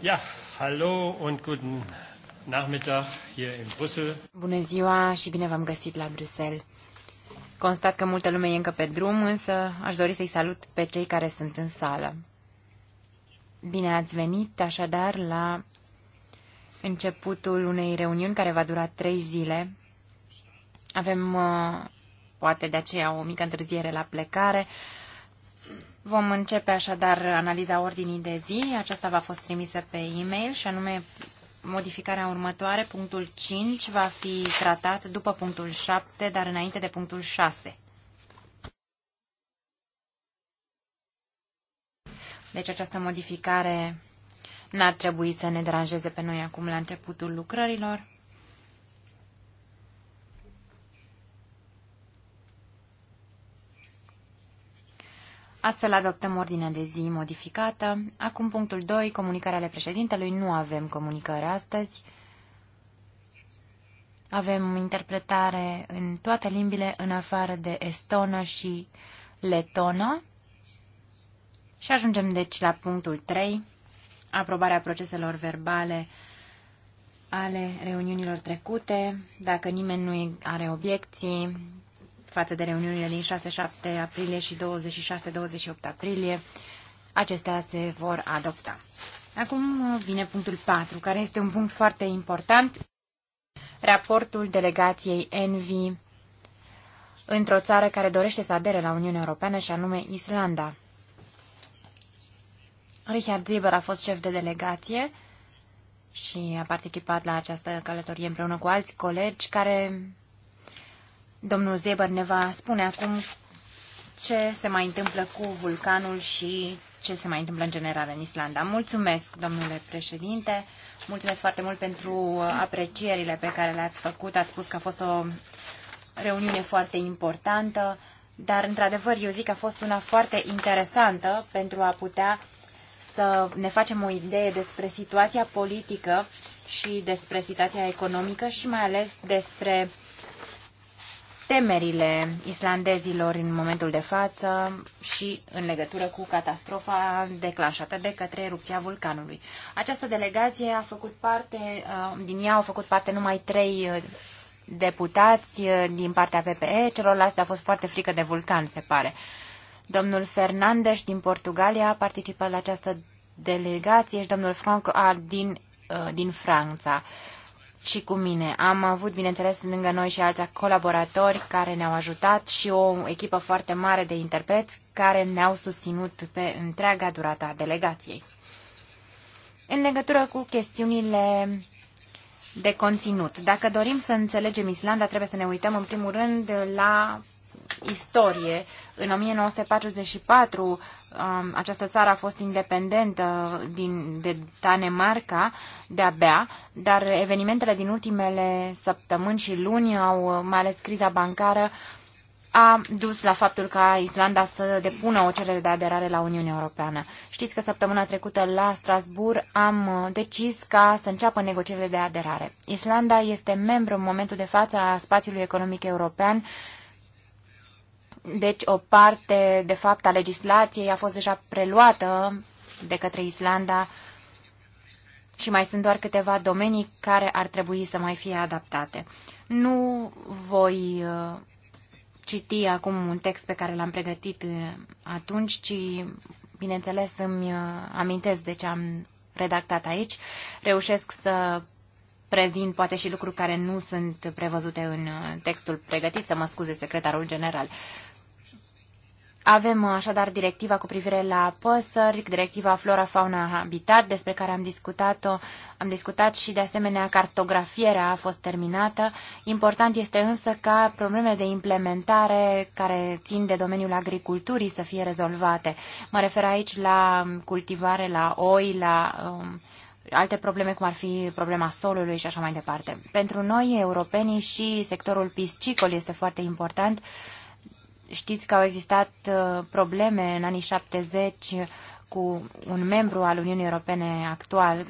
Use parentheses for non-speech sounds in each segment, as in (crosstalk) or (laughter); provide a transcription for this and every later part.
Ja, hallo und guten Nachmittag hier in Brüssel. Bună ziua și bine v-am găsit la Bruxelles. Constat că multă lume e încă pe drum, însă aș dori să-i salut pe cei care sunt în sală. Bine ați venit așadar la începutul unei reuniuni care va dura trei zile. Avem uh, poate de aceea o mică întârziere la plecare, Vom începe așadar analiza ordinii de zi. Aceasta va fost trimisă pe e-mail și anume modificarea următoare, punctul 5 va fi tratat după punctul 7, dar înainte de punctul 6. Deci această modificare n-ar trebui să ne deranjeze pe noi acum la începutul lucrărilor. Astfel adoptăm ordinea de zi modificată. Acum punctul 2, comunicarea ale președintelui. Nu avem comunicare astăzi. Avem interpretare în toate limbile, în afară de estonă și letonă. Și ajungem deci la punctul 3, aprobarea proceselor verbale ale reuniunilor trecute. Dacă nimeni nu are obiecții, față de reuniunile din 6-7 aprilie și 26-28 aprilie. Acestea se vor adopta. Acum vine punctul 4, care este un punct foarte important. Raportul delegației Envi într-o țară care dorește să adere la Uniunea Europeană și anume Islanda. Richard Zieber a fost șef de delegație și a participat la această călătorie împreună cu alți colegi care Domnul Zeber ne va spune acum ce se mai întâmplă cu vulcanul și ce se mai întâmplă în general în Islanda. Mulțumesc, domnule președinte, mulțumesc foarte mult pentru aprecierile pe care le-ați făcut. Ați spus că a fost o reuniune foarte importantă, dar într-adevăr eu zic că a fost una foarte interesantă pentru a putea să ne facem o idee despre situația politică și despre situația economică și mai ales despre uh, temerile islandezilor în momentul de față și în legătură cu catastrofa declanșată de către erupția vulcanului. Această delegație a făcut parte, uh, din ea au făcut parte numai trei uh, deputați uh, din partea PPE, celorlalți a fost foarte frică de vulcan, se pare. Domnul Fernandes din Portugalia a participat la această delegație și domnul Franco din, din Franța. Uh, și cu mine. Am avut, bineînțeles, lângă noi și alți colaboratori care ne-au ajutat și o echipă foarte mare de interpreți care ne-au susținut pe întreaga durata a delegației. În legătură cu chestiunile de conținut, dacă dorim să înțelegem Islanda, trebuie să ne uităm în primul rând la istorie. În 1944 um, această țară a fost independentă din, de Danemarca de-abia, dar evenimentele din ultimele săptămâni și luni au, mai ales criza bancară, a dus la faptul ca Islanda să depună o cerere de aderare la Uniunea Europeană. Știți că săptămâna trecută la Strasbourg am uh, decis ca să înceapă negocierile de aderare. Islanda este membru în momentul de față a spațiului economic european deci o parte, de fapt, a legislației a fost deja preluată de către Islanda și mai sunt doar câteva domenii care ar trebui să mai fie adaptate. Nu voi uh, citi acum un text pe care l-am pregătit uh, atunci, ci, bineînțeles, îmi uh, amintesc de ce am redactat aici. Reușesc să prezint poate și lucruri care nu sunt prevăzute în textul pregătit, să mă scuze secretarul general. Avem uh, așadar directiva cu privire la păsări, directiva Flora Fauna Habitat, despre care am discutat-o, am discutat și de asemenea cartografierea a fost terminată. Important este însă ca problemele de implementare care țin de domeniul agriculturii să fie rezolvate. Mă refer aici la cultivare, la oi, la um, alte probleme, cum ar fi problema solului și așa mai departe. Pentru noi, europenii, și sectorul piscicol este foarte important Știți că au existat uh, probleme în anii 70 cu un membru al Uniunii Europene actual,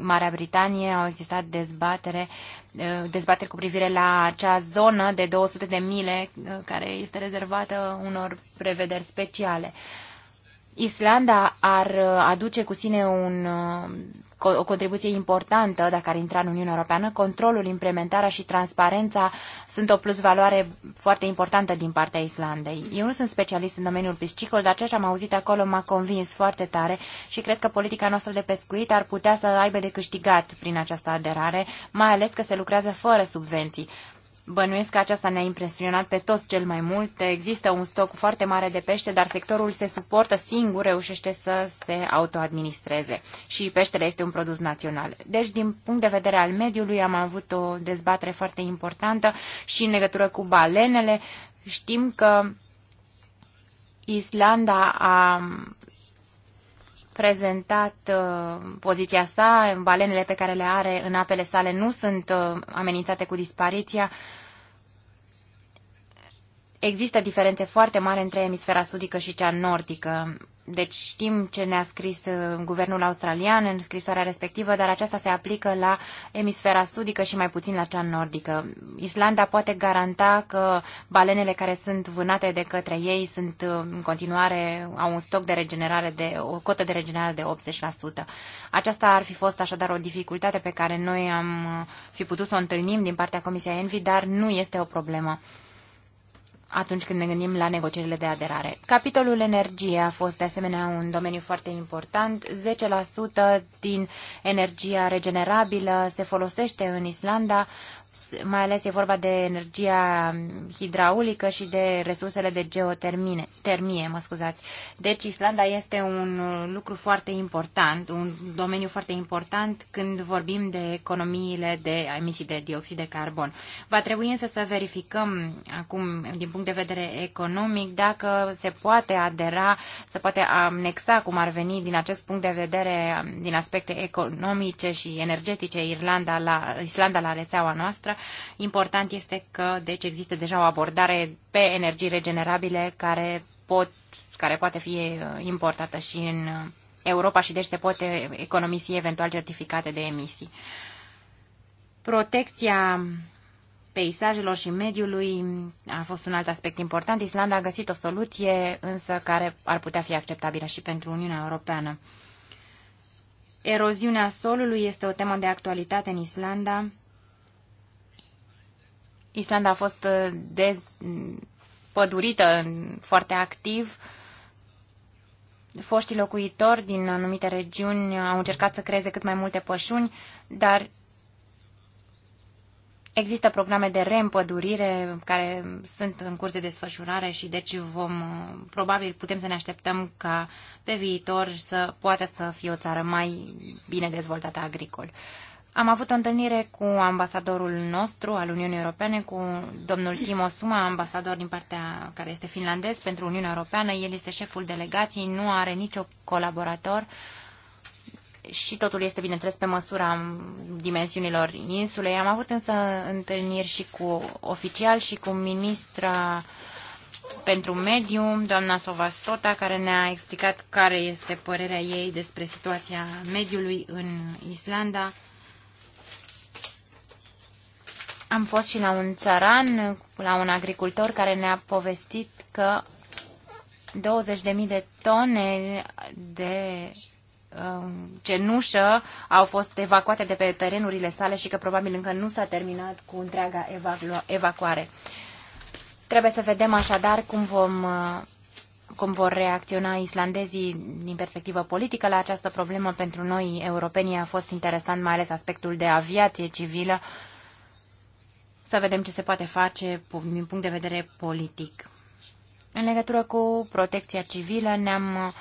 Marea Britanie, au existat dezbatere, uh, dezbatere cu privire la acea zonă de 200 de mile uh, care este rezervată unor prevederi speciale. Islanda ar aduce cu sine un o contribuție importantă dacă ar intra în Uniunea Europeană. Controlul, implementarea și transparența sunt o plusvaloare foarte importantă din partea Islandei. Eu nu sunt specialist în domeniul piscicol, dar ceea ce am auzit acolo m-a convins foarte tare și cred că politica noastră de pescuit ar putea să aibă de câștigat prin această aderare, mai ales că se lucrează fără subvenții. Bănuiesc că aceasta ne-a impresionat pe toți cel mai mult. Există un stoc foarte mare de pește, dar sectorul se suportă singur, reușește să se autoadministreze. Și peștele este un produs național. Deci, din punct de vedere al mediului, am avut o dezbatere foarte importantă și în legătură cu balenele. Știm că Islanda a prezentat uh, poziția sa, balenele pe care le are în apele sale nu sunt uh, amenințate cu dispariția. Uh, Există diferențe foarte mari între emisfera sudică și cea nordică. Deci știm ce ne-a scris uh, guvernul australian în scrisoarea respectivă, dar aceasta se aplică la emisfera sudică și mai puțin la cea nordică. Islanda poate garanta că balenele care sunt vânate de către ei sunt uh, în continuare, au un stoc de regenerare de, o cotă de regenerare de 80%. Aceasta ar fi fost așadar o dificultate pe care noi am uh, fi putut să o întâlnim din partea Comisiei Envi, dar nu este o problemă atunci când ne gândim la negocierile de aderare. Capitolul energie a fost de asemenea un domeniu foarte important. 10% din energia regenerabilă se folosește în Islanda mai ales e vorba de energia hidraulică și de resursele de geotermie, termie, mă scuzați. Deci Islanda este un lucru foarte important, un domeniu foarte important când vorbim de economiile de emisii de dioxid de carbon. Va trebui însă să verificăm acum, din punct de vedere economic, dacă se poate adera, se poate anexa, cum ar veni din acest punct de vedere, din aspecte economice și energetice, Irlanda la, Islanda la rețeaua noastră, noastră. Important este că, deci, există deja o abordare pe energii regenerabile care, pot, care poate fi uh, importată și în uh, Europa și deci se poate uh, economisi eventual certificate de emisii. Protecția peisajelor și mediului a fost un alt aspect important. Islanda a găsit o soluție, însă, care ar putea fi acceptabilă și pentru Uniunea Europeană. Eroziunea solului este o temă de actualitate în Islanda Islanda a fost uh, dezpădurită foarte activ. Foștii locuitori din anumite regiuni au încercat să creeze cât mai multe pășuni, dar Există programe de reîmpădurire care sunt în curs de desfășurare și deci vom, uh, probabil putem să ne așteptăm ca pe viitor să poată să fie o țară mai bine dezvoltată agricol. Am avut o întâlnire cu ambasadorul nostru al Uniunii Europene, cu domnul Timo Suma, ambasador din partea care este finlandez pentru Uniunea Europeană. El este șeful delegației, nu are nicio colaborator și totul este, bineînțeles, pe măsura dimensiunilor insulei. Am avut însă întâlniri și cu oficial și cu ministra pentru mediu, doamna Sovastota, care ne-a explicat care este părerea ei despre situația mediului în Islanda. Am fost și la un țăran, la un agricultor care ne-a povestit că 20.000 de tone de um, cenușă au fost evacuate de pe terenurile sale și că probabil încă nu s-a terminat cu întreaga evacu evacuare. Trebuie să vedem așadar cum, vom, uh, cum vor reacționa islandezii din perspectivă politică la această problemă. Pentru noi, europenii, a fost interesant mai ales aspectul de aviație civilă să vedem ce se poate face din punct de vedere politic. În legătură cu protecția civilă ne-am uh,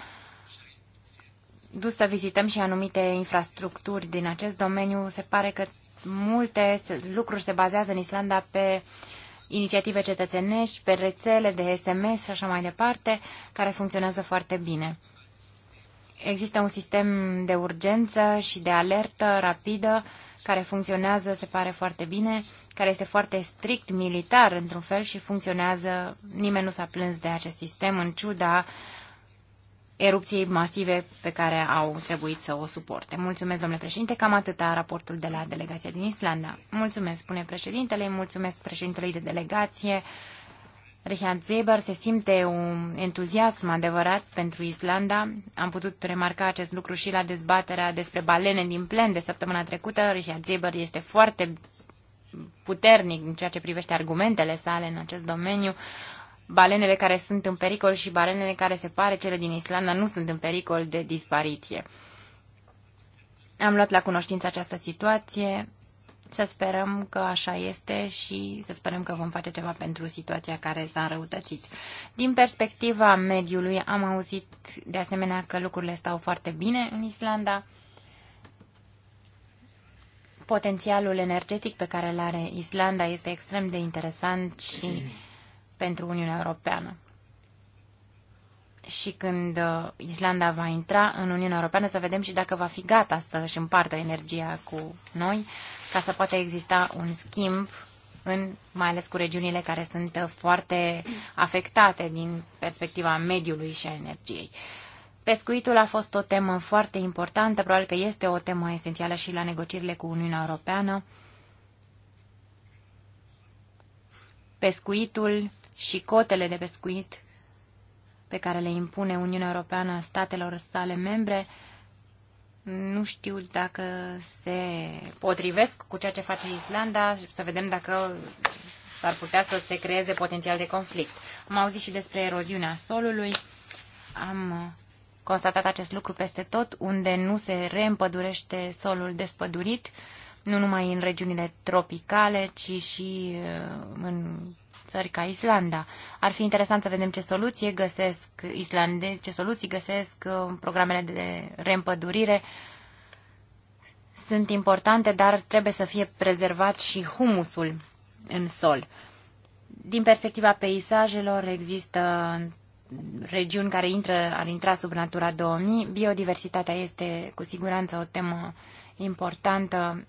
dus să vizităm și anumite infrastructuri din acest domeniu. Se pare că multe lucruri se bazează în Islanda pe inițiative cetățenești, pe rețele de SMS și așa mai departe, care funcționează foarte bine. Există un sistem de urgență și de alertă rapidă care funcționează, se pare foarte bine, care este foarte strict militar într-un fel și funcționează, nimeni nu s-a plâns de acest sistem în ciuda erupției masive pe care au trebuit să o suporte. Mulțumesc, domnule președinte, cam atâta raportul de la delegația din Islanda. Mulțumesc, spune președintele, mulțumesc președintelui de delegație, Richard Zeber se simte un entuziasm adevărat pentru Islanda. Am putut remarca acest lucru și la dezbaterea despre balene din plen de săptămâna trecută. Richard Zeber este foarte puternic în ceea ce privește argumentele sale în acest domeniu. Balenele care sunt în pericol și balenele care se pare cele din Islanda nu sunt în pericol de dispariție. Am luat la cunoștință această situație să sperăm că așa este și să sperăm că vom face ceva pentru situația care s-a înrăutățit. Din perspectiva mediului, am auzit de asemenea că lucrurile stau foarte bine în Islanda. Potențialul energetic pe care îl are Islanda este extrem de interesant și pentru Uniunea Europeană și când uh, Islanda va intra în Uniunea Europeană, să vedem și dacă va fi gata să își împartă energia cu noi ca să poată exista un schimb în, mai ales cu regiunile care sunt uh, foarte afectate din perspectiva mediului și a energiei. Pescuitul a fost o temă foarte importantă, probabil că este o temă esențială și la negocierile cu Uniunea Europeană. Pescuitul și cotele de pescuit pe care le impune Uniunea Europeană statelor sale membre nu știu dacă se potrivesc cu ceea ce face Islanda, să vedem dacă s-ar putea să se creeze potențial de conflict. Am auzit și despre eroziunea solului, am constatat acest lucru peste tot, unde nu se reîmpădurește solul despădurit, nu numai în regiunile tropicale, ci și uh, în țări ca Islanda. Ar fi interesant să vedem ce soluții găsesc islande ce soluții găsesc uh, programele de reîmpădurire. Sunt importante, dar trebuie să fie prezervat și humusul în sol. Din perspectiva peisajelor există regiuni care intră, ar intra sub Natura 2000. Biodiversitatea este cu siguranță o temă importantă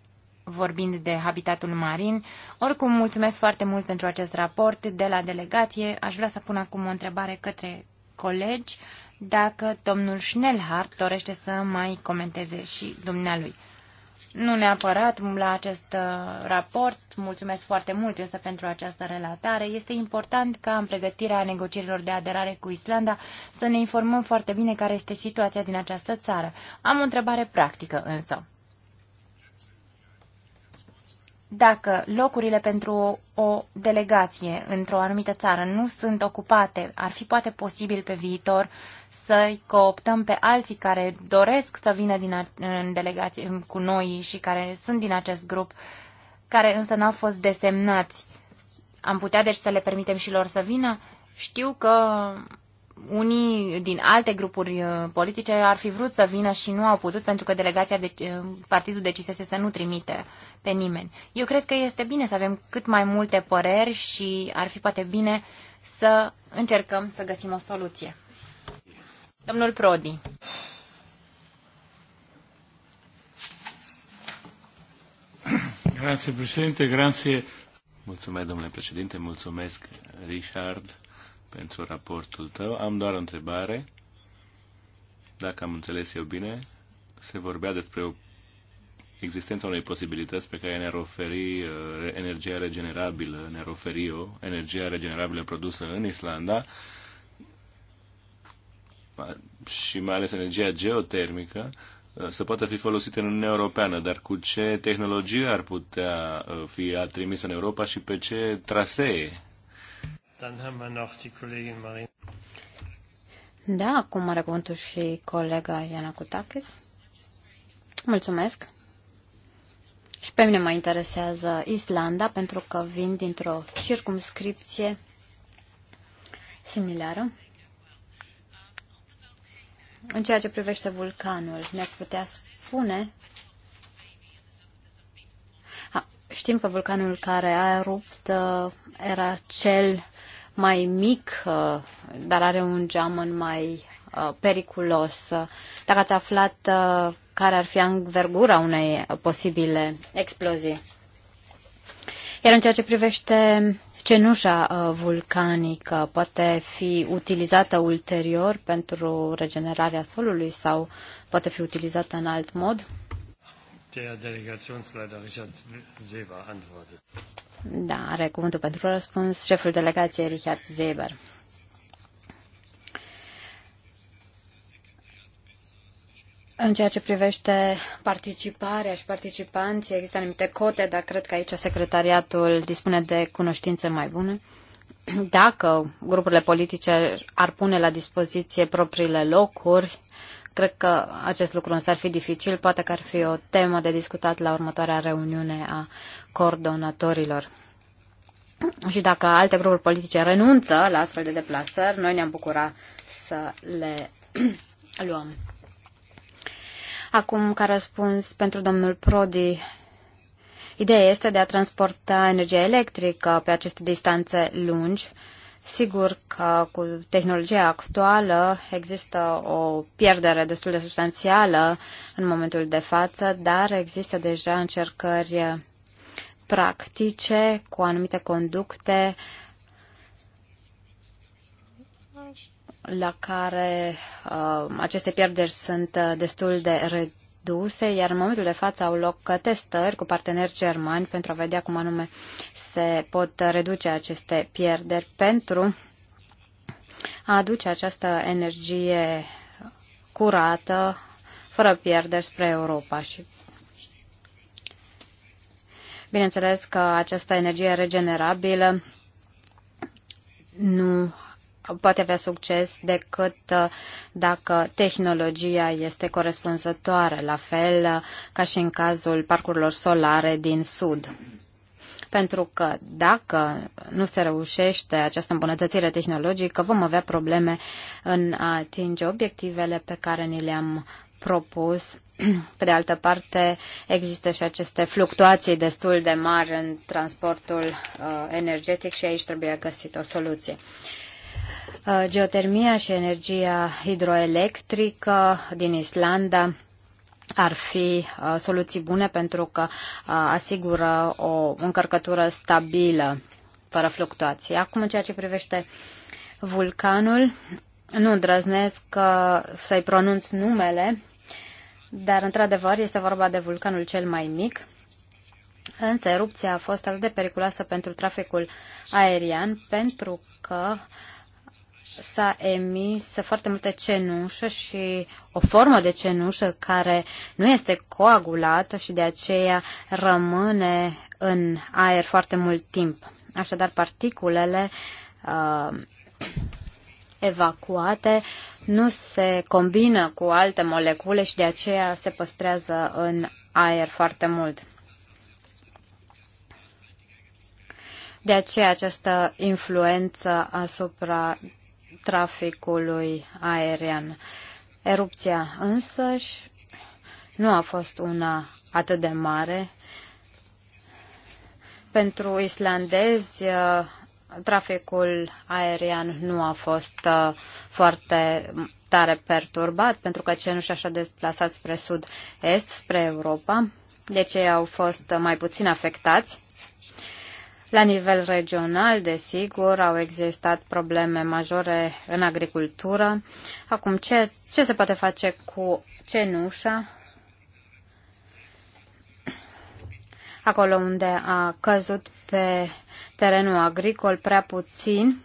vorbind de habitatul marin. Oricum, mulțumesc foarte mult pentru acest raport de la delegație. Aș vrea să pun acum o întrebare către colegi dacă domnul Schnellhardt dorește să mai comenteze și dumnealui. Nu neapărat la acest uh, raport, mulțumesc foarte mult însă pentru această relatare. Este important ca în pregătirea negocierilor de aderare cu Islanda să ne informăm foarte bine care este situația din această țară. Am o întrebare practică însă. Dacă locurile pentru o delegație într-o anumită țară nu sunt ocupate, ar fi poate posibil pe viitor să-i cooptăm pe alții care doresc să vină din a, în delegație cu noi și care sunt din acest grup, care însă n-au fost desemnați. Am putea deci să le permitem și lor să vină? Știu că unii din alte grupuri uh, politice ar fi vrut să vină și nu au putut pentru că delegația de uh, partidul decisese să nu trimite pe nimeni. Eu cred că este bine să avem cât mai multe păreri și ar fi poate bine să încercăm să găsim o soluție. Domnul Prodi. Grazie, grazie. Mulțumesc, domnule președinte, mulțumesc, Richard pentru raportul tău. Am doar o întrebare. Dacă am înțeles eu bine, se vorbea despre o existența unei posibilități pe care ne-ar oferi uh, energia regenerabilă, ne-ar oferi o energia regenerabilă produsă în Islanda și mai ales energia geotermică uh, să poată fi folosită în Uniunea Europeană, dar cu ce tehnologie ar putea uh, fi trimisă în Europa și pe ce trasee? Dann haben wir noch die Kollegin Da, acum are cuvântul și colega Iana Kutakis. Mulțumesc. Și pe mine mă interesează Islanda, pentru că vin dintr-o circumscripție similară. În ceea ce privește vulcanul, ne-ați putea spune... A, știm că vulcanul care a erupt uh, era cel mai mic, uh, dar are un geamăn mai uh, periculos. Dacă ați aflat uh, care ar fi învergura unei posibile explozii. Iar în ceea ce privește cenușa vulcanică, poate fi utilizată ulterior pentru regenerarea solului sau poate fi utilizată în alt mod? Der Delegationsleiter Richard Seber antwortet. Da, are cuvântul pentru răspuns șeful delegației Richard Zeber. În ceea ce privește participarea și participanții, există anumite cote, dar cred că aici secretariatul dispune de cunoștințe mai bune. (clears throat) dacă grupurile politice ar pune la dispoziție propriile locuri, cred că acest lucru însă ar fi dificil, poate că ar fi o temă de discutat la următoarea reuniune a coordonatorilor. (clears throat) Și dacă alte grupuri politice renunță la astfel de deplasări, noi ne-am bucurat să le (clears throat) luăm. Acum, ca răspuns pentru domnul Prodi Ideea este de a transporta energia electrică pe aceste distanțe lungi. Sigur că cu tehnologia actuală există o pierdere destul de substanțială în momentul de față, dar există deja încercări practice cu anumite conducte la care uh, aceste pierderi sunt uh, destul de reduse reduse, iar în momentul de față au loc testări cu parteneri germani pentru a vedea cum anume se pot reduce aceste pierderi pentru a aduce această energie curată, fără pierderi spre Europa și Bineînțeles că această energie regenerabilă nu poate avea succes decât uh, dacă tehnologia este corespunzătoare, la fel uh, ca și în cazul parcurilor solare din Sud. Pentru că dacă nu se reușește această îmbunătățire tehnologică, vom avea probleme în a atinge obiectivele pe care ni le-am propus. (clears throat) Pe de altă parte, există și aceste fluctuații destul de mari în transportul uh, energetic și aici trebuie găsit o soluție. Uh, Uh, geotermia și energia hidroelectrică din Islanda ar fi uh, soluții bune pentru că uh, asigură o încărcătură stabilă fără fluctuații. Acum, în ceea ce privește vulcanul, nu îndrăznesc să-i pronunț numele, dar, într-adevăr, este vorba de vulcanul cel mai mic, însă erupția a fost atât de periculoasă pentru traficul aerian pentru că uh, s-a emis foarte multe cenușă și o formă de cenușă care nu este coagulată și de aceea rămâne în aer foarte mult timp. Așadar, particulele uh, evacuate nu se combină cu alte molecule și de aceea se păstrează în aer foarte mult. De aceea această influență asupra traficului aerian. Erupția însăși nu a fost una atât de mare. Pentru islandezi, uh, traficul aerian nu a fost uh, foarte tare perturbat, pentru că cei nu și așa deplasat spre sud-est, spre Europa, de deci ce au fost mai puțin afectați. La nivel regional, desigur, au existat probleme majore în agricultură. Acum, ce, ce se poate face cu cenușa? Acolo unde a căzut pe terenul agricol prea puțin,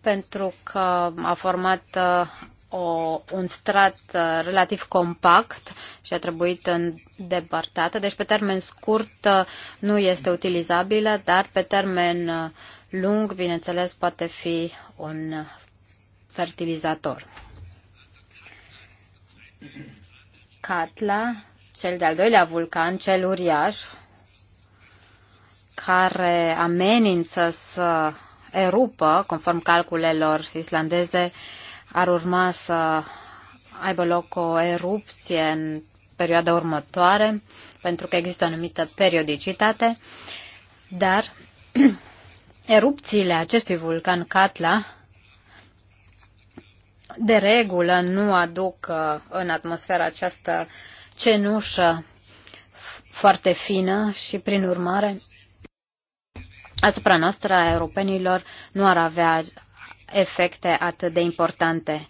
pentru că a format uh, o, un strat uh, relativ compact și a trebuit îndepărtată. Deci pe termen scurt uh, nu este utilizabilă, dar pe termen uh, lung, bineînțeles, poate fi un fertilizator. Catla, cel de-al doilea vulcan, cel uriaș, care amenință să erupă, conform calculelor islandeze, ar urma să aibă loc o erupție în perioada următoare, pentru că există o anumită periodicitate, dar (clears throat) erupțiile acestui vulcan Catla de regulă nu aduc uh, în atmosferă această cenușă foarte fină și, prin urmare, asupra noastră a europenilor nu ar avea efecte atât de importante.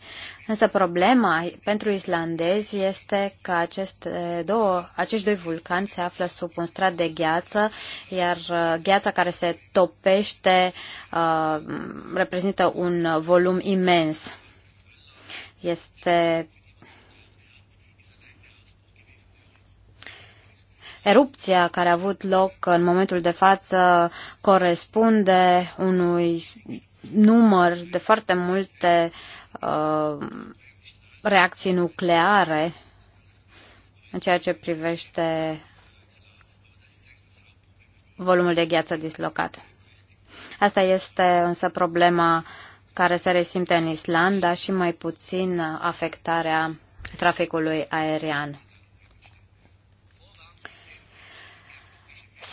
Însă problema pentru islandezi este că aceste două, acești doi vulcani se află sub un strat de gheață, iar uh, gheața care se topește uh, reprezintă un volum imens. Este erupția care a avut loc în momentul de față corespunde unui număr de foarte multe uh, reacții nucleare în ceea ce privește volumul de gheață dislocat. Asta este însă problema care se resimte în Islanda și mai puțin afectarea traficului aerian.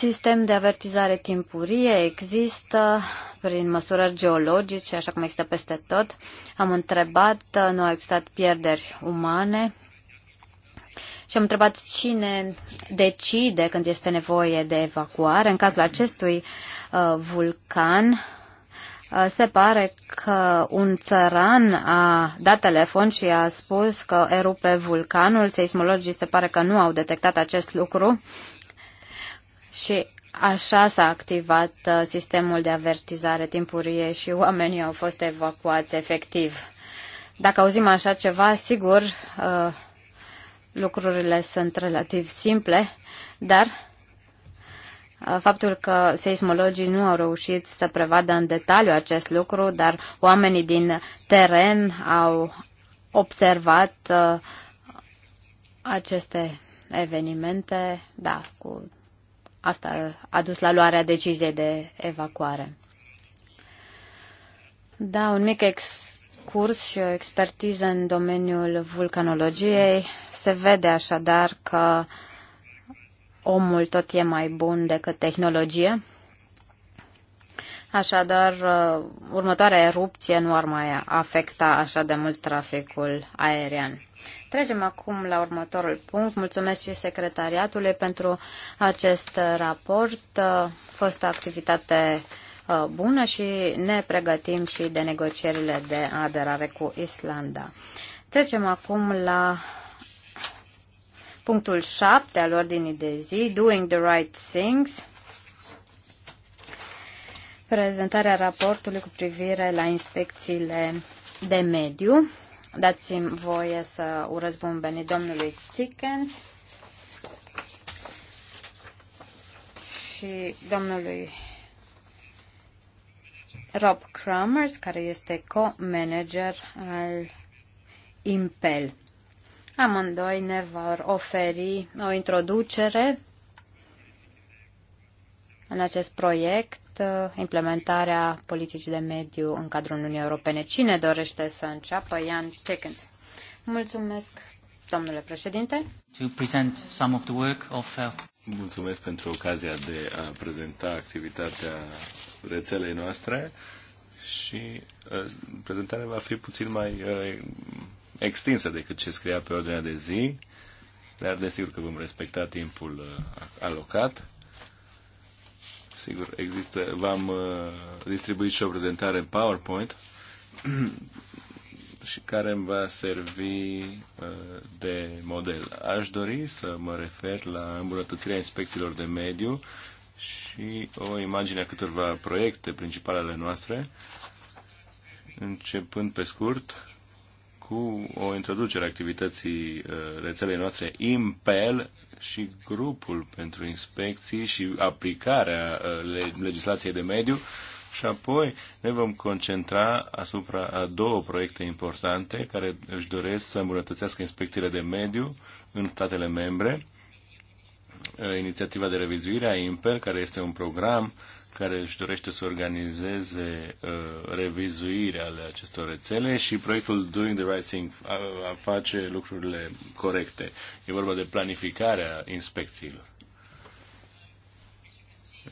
sistem de avertizare timpurie există prin măsurări geologice, așa cum există peste tot. Am întrebat, uh, nu au existat pierderi umane și am întrebat cine decide când este nevoie de evacuare. În cazul acestui uh, vulcan, uh, se pare că un țăran a dat telefon și a spus că erupe vulcanul. Seismologii se pare că nu au detectat acest lucru, și așa s-a activat uh, sistemul de avertizare timpurie și oamenii au fost evacuați efectiv. Dacă auzim așa ceva, sigur, uh, lucrurile sunt relativ simple, dar uh, faptul că seismologii nu au reușit să prevadă în detaliu acest lucru, dar oamenii din teren au observat aceste evenimente, da, cu Asta a dus la luarea deciziei de evacuare. Da, un mic excurs și o expertiză în domeniul vulcanologiei. Se vede așadar că omul tot e mai bun decât tehnologie. Așadar, următoarea erupție nu ar mai afecta așa de mult traficul aerian. Trecem acum la următorul punct. Mulțumesc și secretariatului pentru acest raport. A fost o activitate bună și ne pregătim și de negocierile de aderare cu Islanda. Trecem acum la punctul 7 al ordinii de zi, Doing the Right Things, prezentarea raportului cu privire la inspecțiile de mediu. Dați-mi voie să urez bun venit domnului Chicken și domnului Rob Crummers, care este co-manager al Impel. Amândoi ne vor oferi o introducere în acest proiect implementarea politicii de mediu în cadrul Uniunii Europene. Cine dorește să înceapă? Ian Chickens. Mulțumesc, domnule președinte. To present some of the work of, uh... Mulțumesc pentru ocazia de a prezenta activitatea rețelei noastre și uh, prezentarea va fi puțin mai uh, extinsă decât ce scria pe ordinea de zi, dar desigur că vom respecta timpul uh, alocat. Sigur, există, v-am uh, distribuit și o prezentare în PowerPoint (clears throat) și care îmi va servi uh, de model. Aș dori să mă refer la îmbunătățirea inspecțiilor de mediu și o imagine a câtorva proiecte principale ale noastre, începând pe scurt cu o introducere a activității uh, rețelei noastre IMPEL, și grupul pentru inspecții și aplicarea uh, legislației de mediu și apoi ne vom concentra asupra a două proiecte importante care își doresc să îmbunătățească inspecțiile de mediu în statele membre. Uh, inițiativa de revizuire a IMPER, care este un program uh, care își dorește să organizeze uh, revizuirea ale acestor rețele și proiectul Doing the Right Thing a, uh, a face lucrurile corecte. E vorba de planificarea inspecțiilor.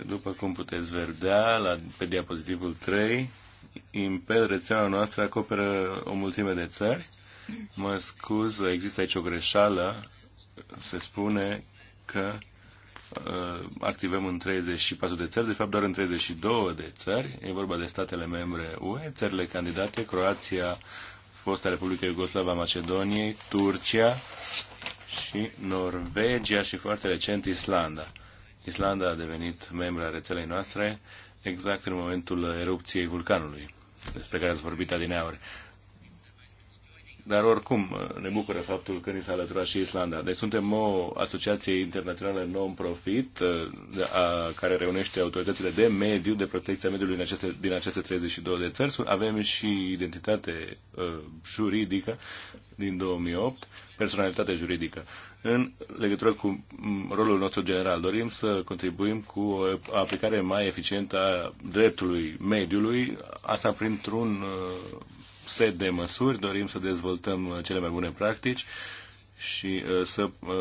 După cum puteți vedea la, pe diapozitivul 3, Impel, rețeaua noastră, acoperă o mulțime de țări. Mă scuz, există aici o greșeală. Se spune că Uh, activăm în 34 de țări, de fapt doar în 32 de țări. E vorba de statele membre UE, țările candidate, Croația, fosta Republica Iugoslava Macedoniei, Turcia și Norvegia și foarte recent Islanda. Islanda a devenit membra a rețelei noastre exact în momentul erupției vulcanului despre care ați vorbit adineauri. Dar oricum ne bucură faptul că ni s-a alăturat și Islanda. Deci suntem o asociație internațională non-profit uh, care reunește autoritățile de mediu, de protecția mediului din aceste, din aceste 32 de țări. Avem și identitate uh, juridică din 2008, personalitate juridică. În legătură cu mm, rolul nostru general, dorim să contribuim cu o aplicare mai eficientă a dreptului mediului, asta printr-un uh, set de măsuri, dorim să dezvoltăm uh, cele mai bune practici și uh, să uh,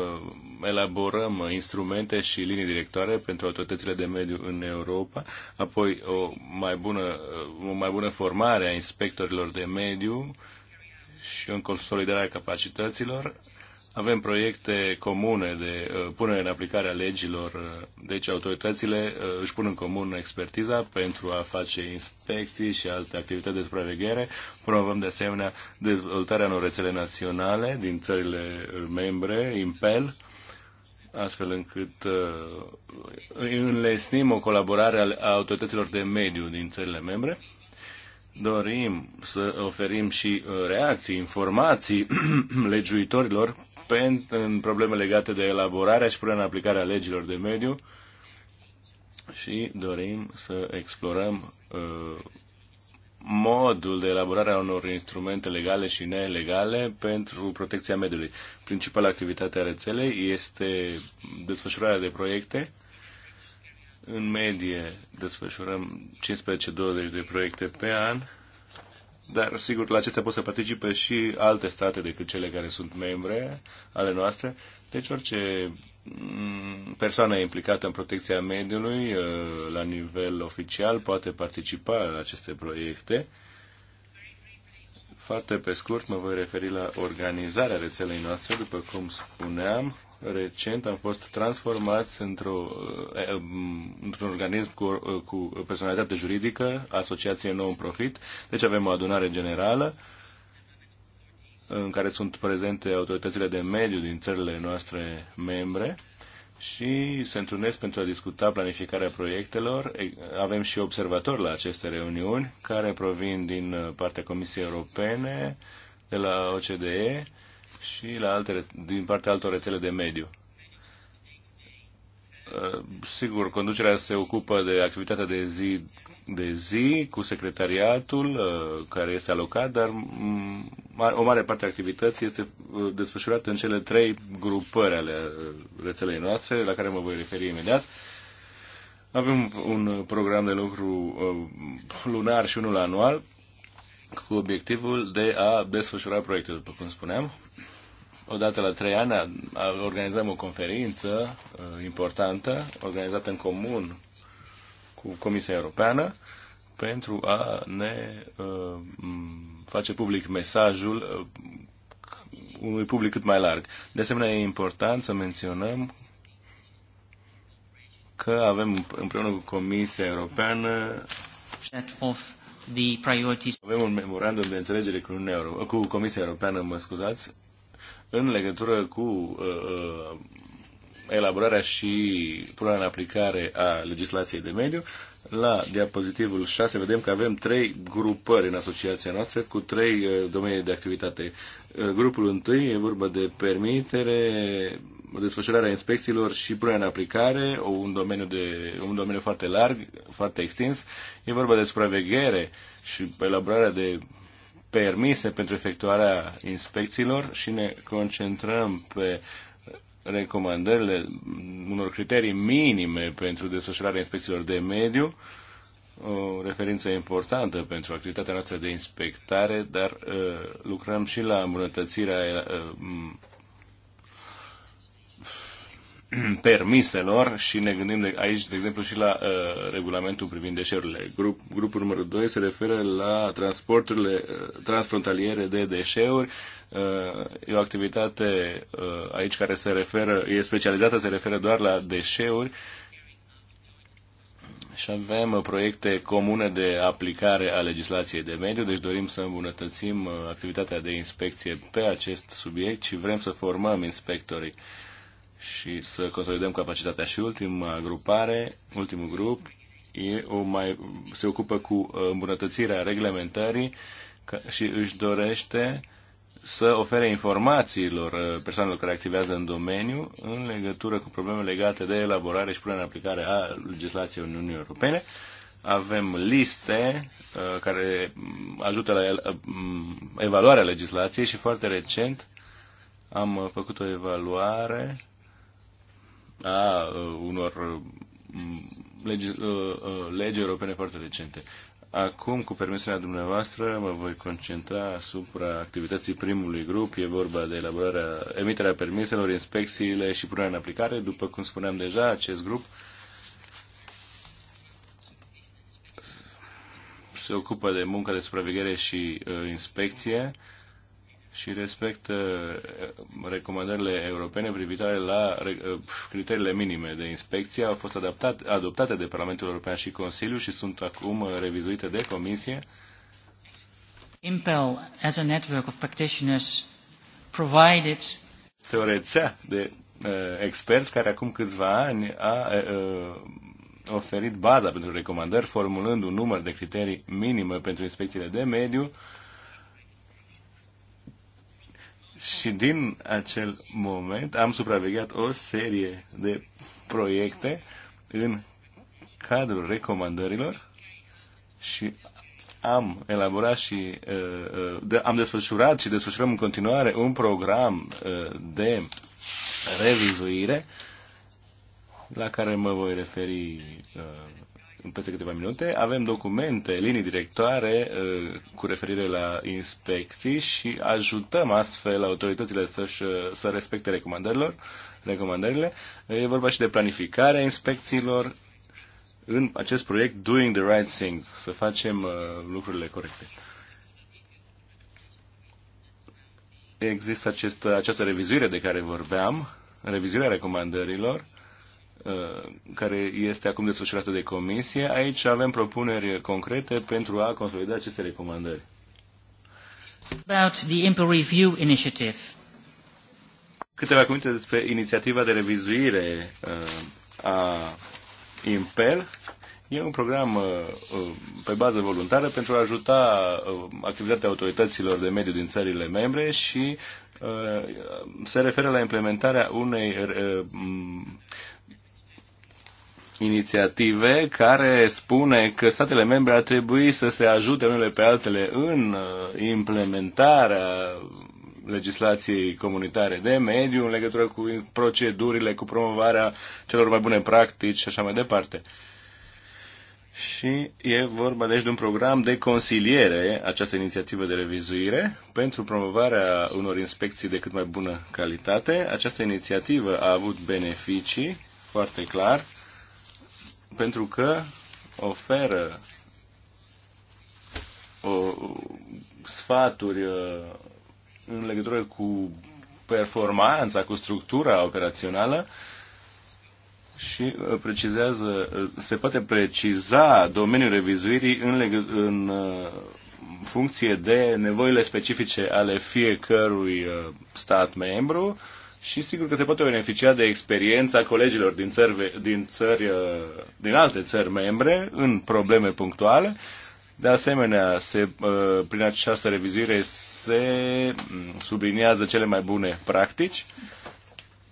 elaborăm instrumente și linii directoare pentru autoritățile de mediu în Europa, apoi o mai bună, o mai bună formare a inspectorilor de mediu și în consolidarea capacităților, avem proiecte comune de uh, punere în aplicare a legilor, uh, deci autoritățile uh, își pun în comun expertiza pentru a face inspecții și alte activități de supraveghere. Promovăm de asemenea dezvoltarea unor rețele naționale din țările membre, IMPEL, astfel încât uh, înlesnim o colaborare a autorităților de mediu din țările membre. Dorim să oferim și reacții, informații (clears throat) legiuitorilor expert în probleme legate de elaborarea și punerea în aplicare a legilor de mediu și dorim să explorăm uh, modul de elaborare a unor instrumente legale și nelegale pentru protecția mediului. Principala activitate a rețelei este desfășurarea de proiecte. În medie desfășurăm 15-20 de proiecte pe an dar, sigur, la acestea pot să participe și alte state decât cele care sunt membre ale noastre. Deci orice mm, persoană implicată în protecția mediului uh, la nivel oficial poate participa la aceste proiecte. Foarte pe scurt mă voi referi la organizarea rețelei noastre, după cum spuneam, recent am fost transformați într-o, eh, într-un organism cu, eh, cu personalitate juridică, asociație non-profit, deci avem o adunare generală în care sunt prezente autoritățile de mediu din țările noastre membre și se întrunesc pentru a discuta planificarea proiectelor. Avem și observatori la aceste reuniuni care provin din eh, partea Comisiei Europene, de la OCDE și la alte, din partea altor rețele de mediu. Uh, sigur, conducerea se ocupă de activitatea de zi de zi cu secretariatul uh, care este alocat, dar o mare parte a activității este uh, desfășurată în cele trei grupări ale rețelei noastre, la care mă voi referi imediat. Avem un program de lucru lunar și unul anual cu obiectivul de a desfășura proiectul, după cum spuneam. Odată la trei ani organizăm o conferință uh, importantă, organizată în comun cu Comisia Europeană, pentru a ne uh, face public mesajul uh, unui public cât mai larg. De asemenea, e important să menționăm că avem împreună cu Comisia Europeană the priorities. Avem un memorandum de înțelegere cu, Euro- cu Comisia Europeană, mă scuzați, în legătură cu uh, uh, elaborarea și punerea în aplicare a legislației de mediu. La diapozitivul 6 vedem că avem trei grupări în asociația noastră cu trei uh, domenii de activitate. Uh, grupul întâi e vorba de permitere, desfășurarea inspecțiilor și punerea în aplicare, un domeniu, de, un domeniu foarte larg, foarte extins. E vorba de supraveghere și elaborarea de permise pentru efectuarea inspecțiilor și ne concentrăm pe recomandările unor criterii minime pentru desfășurarea inspecțiilor de mediu, o referință importantă pentru activitatea noastră de inspectare, dar uh, lucrăm și la îmbunătățirea uh, (clears throat) permiselor și ne gândim de, aici, de exemplu, și la uh, regulamentul privind deșeurile. Grup, grupul numărul 2 se referă la transporturile uh, transfrontaliere de deșeuri. Uh, e o activitate uh, aici care se referă, e specializată, se referă doar la deșeuri și avem uh, proiecte comune de aplicare a legislației de mediu, deci dorim să îmbunătățim uh, activitatea de inspecție pe acest subiect și vrem să formăm inspectorii. Uh, și să consolidăm capacitatea. Și ultima grupare, ultimul grup, e o mai, se ocupă cu uh, îmbunătățirea reglementării și își dorește să ofere informațiilor uh, persoanelor care activează în domeniu în legătură cu probleme legate de elaborare și punerea în aplicare a legislației Uniunii Europene. Avem liste uh, care mm, ajută la uh, mm, evaluarea legislației și foarte recent am făcut o evaluare a uh, unor lege, mm, lege uh, uh, europene foarte recente. Acum, cu permisiunea dumneavoastră, mă voi concentra asupra activității primului grup. E vorba de elaborarea, emiterea permiselor, inspecțiile și punerea în aplicare. După cum spuneam deja, acest grup se ocupă de munca de supraveghere și uh, inspecție. Uh, și respectă eh, recomandările europene privitoare la eh, criteriile minime de inspecție au fost adaptat, adoptate de Parlamentul European și Consiliu și sunt acum eh, revizuite de Comisie. Impel, as a network of practitioners, provided este o rețea de uh, experți care acum câțiva ani a uh, oferit baza pentru recomandări, formulând un număr de criterii minimă pentru inspecțiile de mediu uh, și din acel moment am supravegheat o serie de proiecte în cadrul recomandărilor și am elaborat și uh, uh, de, am desfășurat și desfășurăm în continuare un program uh, de revizuire la care mă voi referi uh, peste câteva minute. Avem documente, linii directoare uh, cu referire la inspecții și ajutăm astfel autoritățile să, uh, să respecte recomandărilor, recomandările. E vorba și de planificarea inspecțiilor în acest proiect Doing the Right Things, să facem uh, lucrurile corecte. Există acest, această revizuire de care vorbeam, revizuirea recomandărilor, Uh, care este acum desfășurată de comisie. Aici avem propuneri concrete pentru a consolida aceste recomandări. About the IMPO Review Initiative. Câteva cuvinte despre inițiativa de revizuire uh, a IMPEL. E un program uh, pe bază voluntară pentru a ajuta activitatea autorităților de mediu din țările membre și se referă la implementarea unei inițiative care spune că statele membre ar trebui să se ajute unele pe altele în uh, implementarea legislației comunitare de mediu în legătură cu procedurile, cu promovarea celor mai bune practici și așa mai departe. Și e vorba deci de un program de consiliere, această inițiativă de revizuire, pentru promovarea unor inspecții de cât mai bună calitate. Această inițiativă a avut beneficii, foarte clar, pentru că oferă o, sfaturi uh, în legătură cu performanța, cu structura operațională și uh, precizează, uh, se poate preciza domeniul revizuirii în, în funcție de nevoile specifice ale fiecărui stat membru și sigur că se poate beneficia de experiența colegilor din țări, din, țări, uh, din alte țări membre în probleme punctuale. De asemenea, se, uh, prin această revizuire se mm, subliniază cele mai bune practici.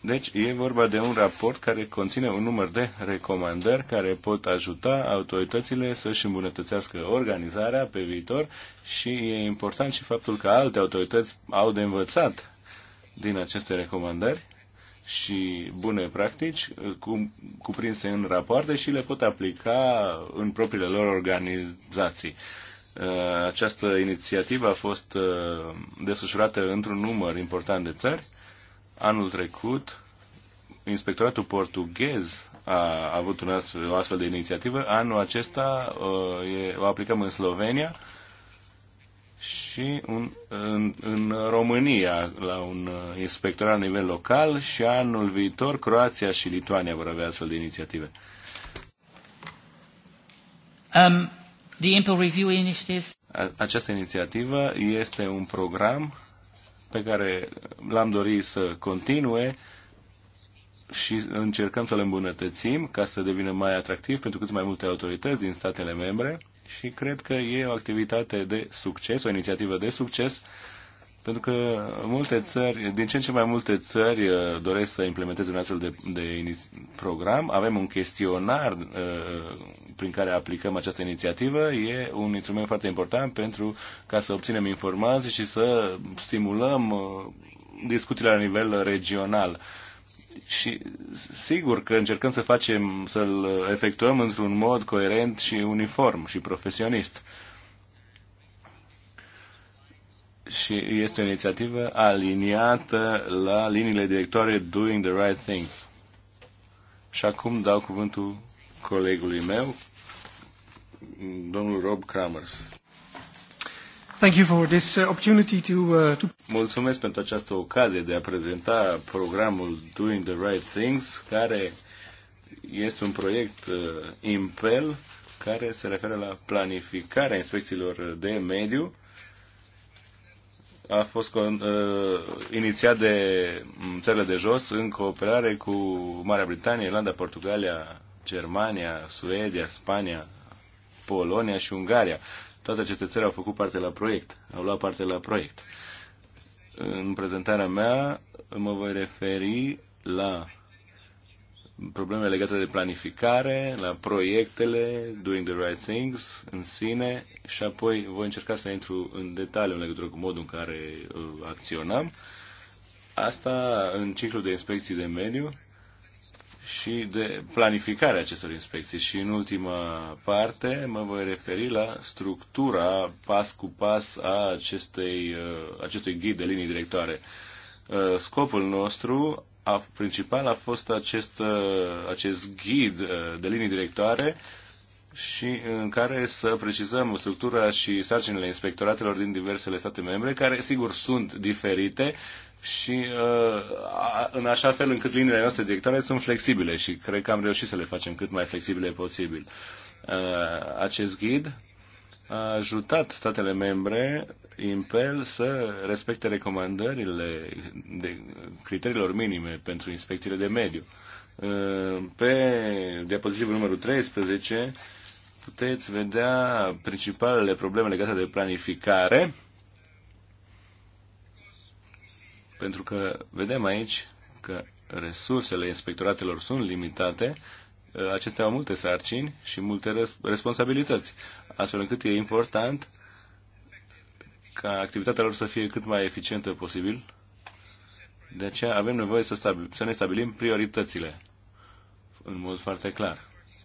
Deci e vorba de un raport care conține un număr de recomandări care pot ajuta autoritățile să-și îmbunătățească organizarea pe viitor și e important și faptul că alte autorități au de învățat din aceste recomandări și bune practici uh, cuprinse în rapoarte și le pot aplica în propriile lor organizații. Uh, această inițiativă a fost uh, desfășurată într-un număr important de țări. Anul trecut, Inspectoratul portughez a avut o astfel de inițiativă. Anul acesta o aplicăm în Slovenia și un, în, în România la un uh, inspectorat la nivel local și anul viitor Croația și Lituania vor avea astfel de inițiative. Um, the Impel Review Initiative. Această inițiativă este un program pe care l-am dorit să continue și încercăm să l îmbunătățim ca să devină mai atractiv pentru cât mai multe autorități din statele membre și cred că e o activitate de succes, o inițiativă de succes, pentru că multe țări, din ce în ce mai multe țări uh, doresc să implementeze un astfel de, de program. Avem un chestionar uh, prin care aplicăm această inițiativă. E un instrument foarte important pentru ca să obținem informații și să stimulăm uh, discuțiile la nivel regional. Uh, și sigur că încercăm să facem, să-l efectuăm într-un mod coerent și uniform și profesionist. Și este o inițiativă aliniată la liniile directoare Doing the Right Thing. Și acum dau cuvântul colegului meu, domnul Rob Kramers. Thank you for this uh, opportunity to, uh, to... Mulțumesc pentru această ocazie de a prezenta programul Doing the Right Things, care este un proiect uh, Impel care se referă la planificarea inspecțiilor de mediu. A fost con, uh, inițiat de mm, țările de jos în cooperare cu Marea Britanie, Irlanda, Portugalia, Germania, Suedia, Spania, Polonia și Ungaria. Toate aceste țări au făcut parte la proiect, au luat parte la proiect. În prezentarea mea mă voi referi la probleme legate de planificare, la proiectele, doing the right things în sine și apoi voi încerca să intru în detaliu în legătură cu modul în care uh, acționăm. Asta în ciclul de inspecții de mediu și de planificarea acestor inspecții. Și în ultima parte mă voi referi la structura pas cu pas a acestei, uh, acestui ghid de linii directoare. Uh, scopul nostru a, principal a fost acest, uh, acest ghid de linii directoare și în care să precizăm structura și sarcinile inspectoratelor din diversele state membre, care sigur sunt diferite și uh, în așa fel încât liniile noastre directoare sunt flexibile și cred că am reușit să le facem cât mai flexibile posibil. Uh, acest ghid a ajutat statele membre impel să respecte recomandările de criteriilor minime pentru inspecțiile de mediu. Uh, pe diapozitivul numărul 13 puteți vedea principalele probleme legate de planificare Pentru că vedem aici că resursele inspectoratelor sunt limitate, ă, acestea au multe sarcini și multe responsabilități, astfel încât e important ca activitatea lor să fie cât mai eficientă posibil. De aceea avem nevoie să, stabil, să ne stabilim prioritățile în mod foarte clar.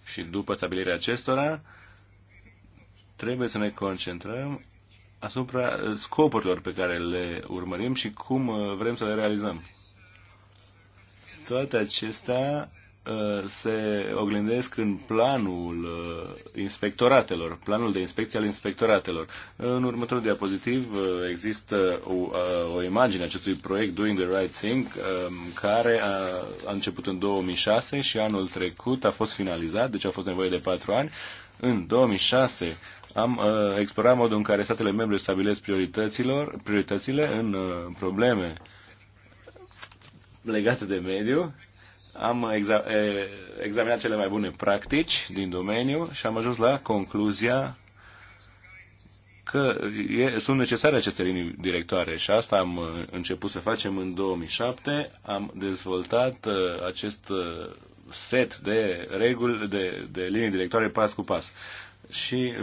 Și după stabilirea acestora, trebuie să ne concentrăm asupra uh, scopurilor pe care le urmărim și cum uh, vrem să le realizăm. Toate acestea uh, se oglindesc în planul inspectoratelor, planul de inspecție al inspectoratelor. În următorul diapozitiv există o, o imagine acestui proiect Doing the Right Thing um, care a, a început în 2006 și anul trecut a fost finalizat, deci a fost nevoie de patru ani. În 2006 am uh, explorat modul în care statele membre stabilesc priorităților, prioritățile în uh, probleme legate de mediu. Am exa- eh, examinat cele mai bune practici din domeniu și am ajuns la concluzia că e, sunt necesare aceste linii directoare și asta am uh, început să facem în 2007. Am dezvoltat uh, acest uh, set de reguli, de, de linii directoare pas cu pas și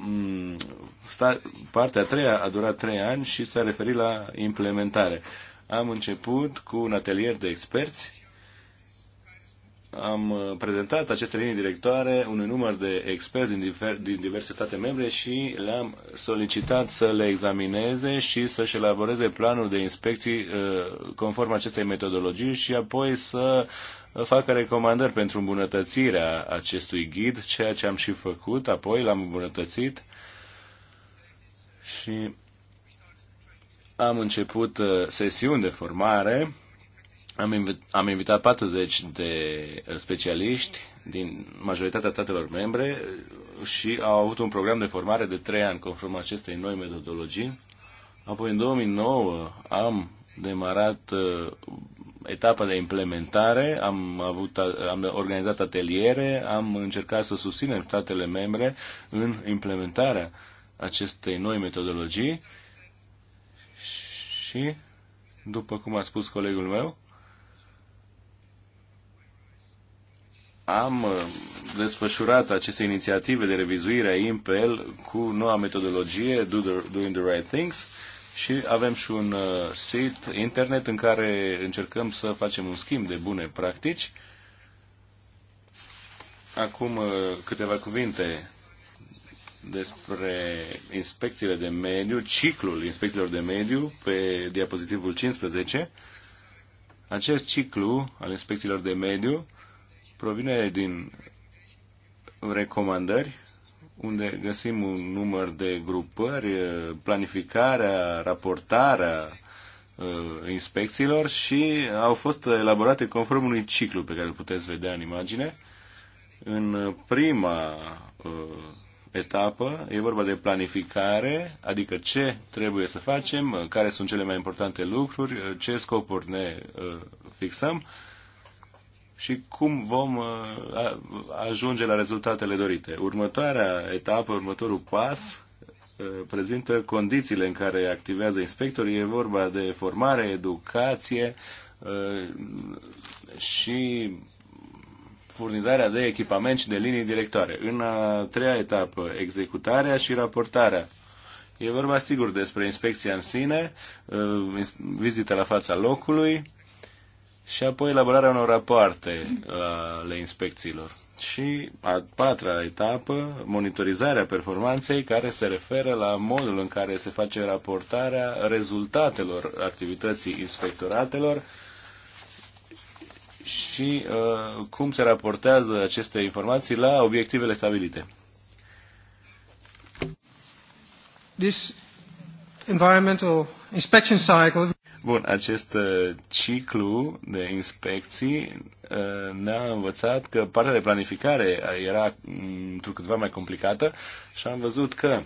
mm, partea a treia a durat trei ani și s-a referit la implementare. Am început cu un atelier de experți am uh, prezentat aceste linii directoare unui număr de experți din, diver, din diverse state membre și le-am solicitat să le examineze și să-și elaboreze planul de inspecții uh, conform acestei metodologii și apoi să facă recomandări pentru îmbunătățirea acestui ghid, ceea ce am și făcut, apoi l-am îmbunătățit și am început uh, sesiuni de formare. Am, invit, am invitat 40 de uh, specialiști din majoritatea statelor membre și au avut un program de formare de 3 ani conform acestei noi metodologii. Apoi în 2009 am demarat uh, etapă de implementare, am, avut, am organizat ateliere, am încercat să susținem statele membre în implementarea acestei noi metodologii și, după cum a spus colegul meu, am uh, desfășurat aceste inițiative de revizuire a IMPEL cu noua metodologie Doing the Right Things și avem și un uh, site internet în care încercăm să facem un schimb de bune practici. Acum uh, câteva cuvinte despre inspecțiile de mediu, ciclul inspecțiilor de mediu pe diapozitivul 15. Acest ciclu al inspecțiilor de mediu provine din recomandări unde găsim un număr de grupări, eh, planificarea, raportarea eh, inspecțiilor și au fost elaborate conform unui ciclu pe care îl puteți vedea în imagine. În prima eh, etapă e vorba de planificare, adică ce trebuie să facem, care sunt cele mai importante lucruri, ce scopuri ne fixăm și cum vom uh, ajunge la rezultatele dorite. Următoarea etapă, următorul pas uh, prezintă condițiile în care activează inspectorii. E vorba de formare, educație uh, și furnizarea de echipament și de linii directoare. În a treia etapă, executarea și raportarea. E vorba, sigur, despre inspecția în sine, vizita la fața locului, și apoi elaborarea unor rapoarte uh, ale inspecțiilor. Și a patra etapă, monitorizarea performanței, care se referă la modul în care se face raportarea rezultatelor activității inspectoratelor și uh, cum se raportează aceste informații la obiectivele stabilite. This environmental inspection cycle Bun, acest uh, ciclu de inspecții uh, ne-a învățat că partea de planificare era mm, într-o câtva mai complicată și am văzut că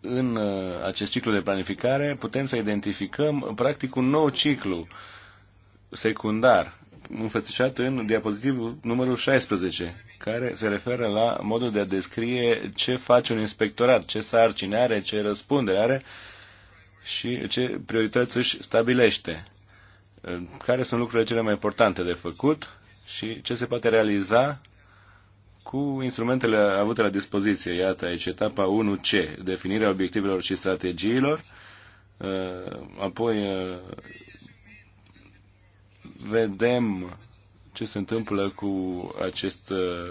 în uh, acest ciclu de planificare putem să identificăm practic un nou ciclu secundar înfățișat în diapozitivul numărul 16, care se referă la modul de a descrie ce face un inspectorat, ce sarcine are, ce răspundere are și ce priorități își stabilește, care sunt lucrurile cele mai importante de făcut și ce se poate realiza cu instrumentele avute la dispoziție. Iată aici etapa 1C, definirea obiectivelor și strategiilor, uh, apoi uh, vedem ce se întâmplă cu acest uh,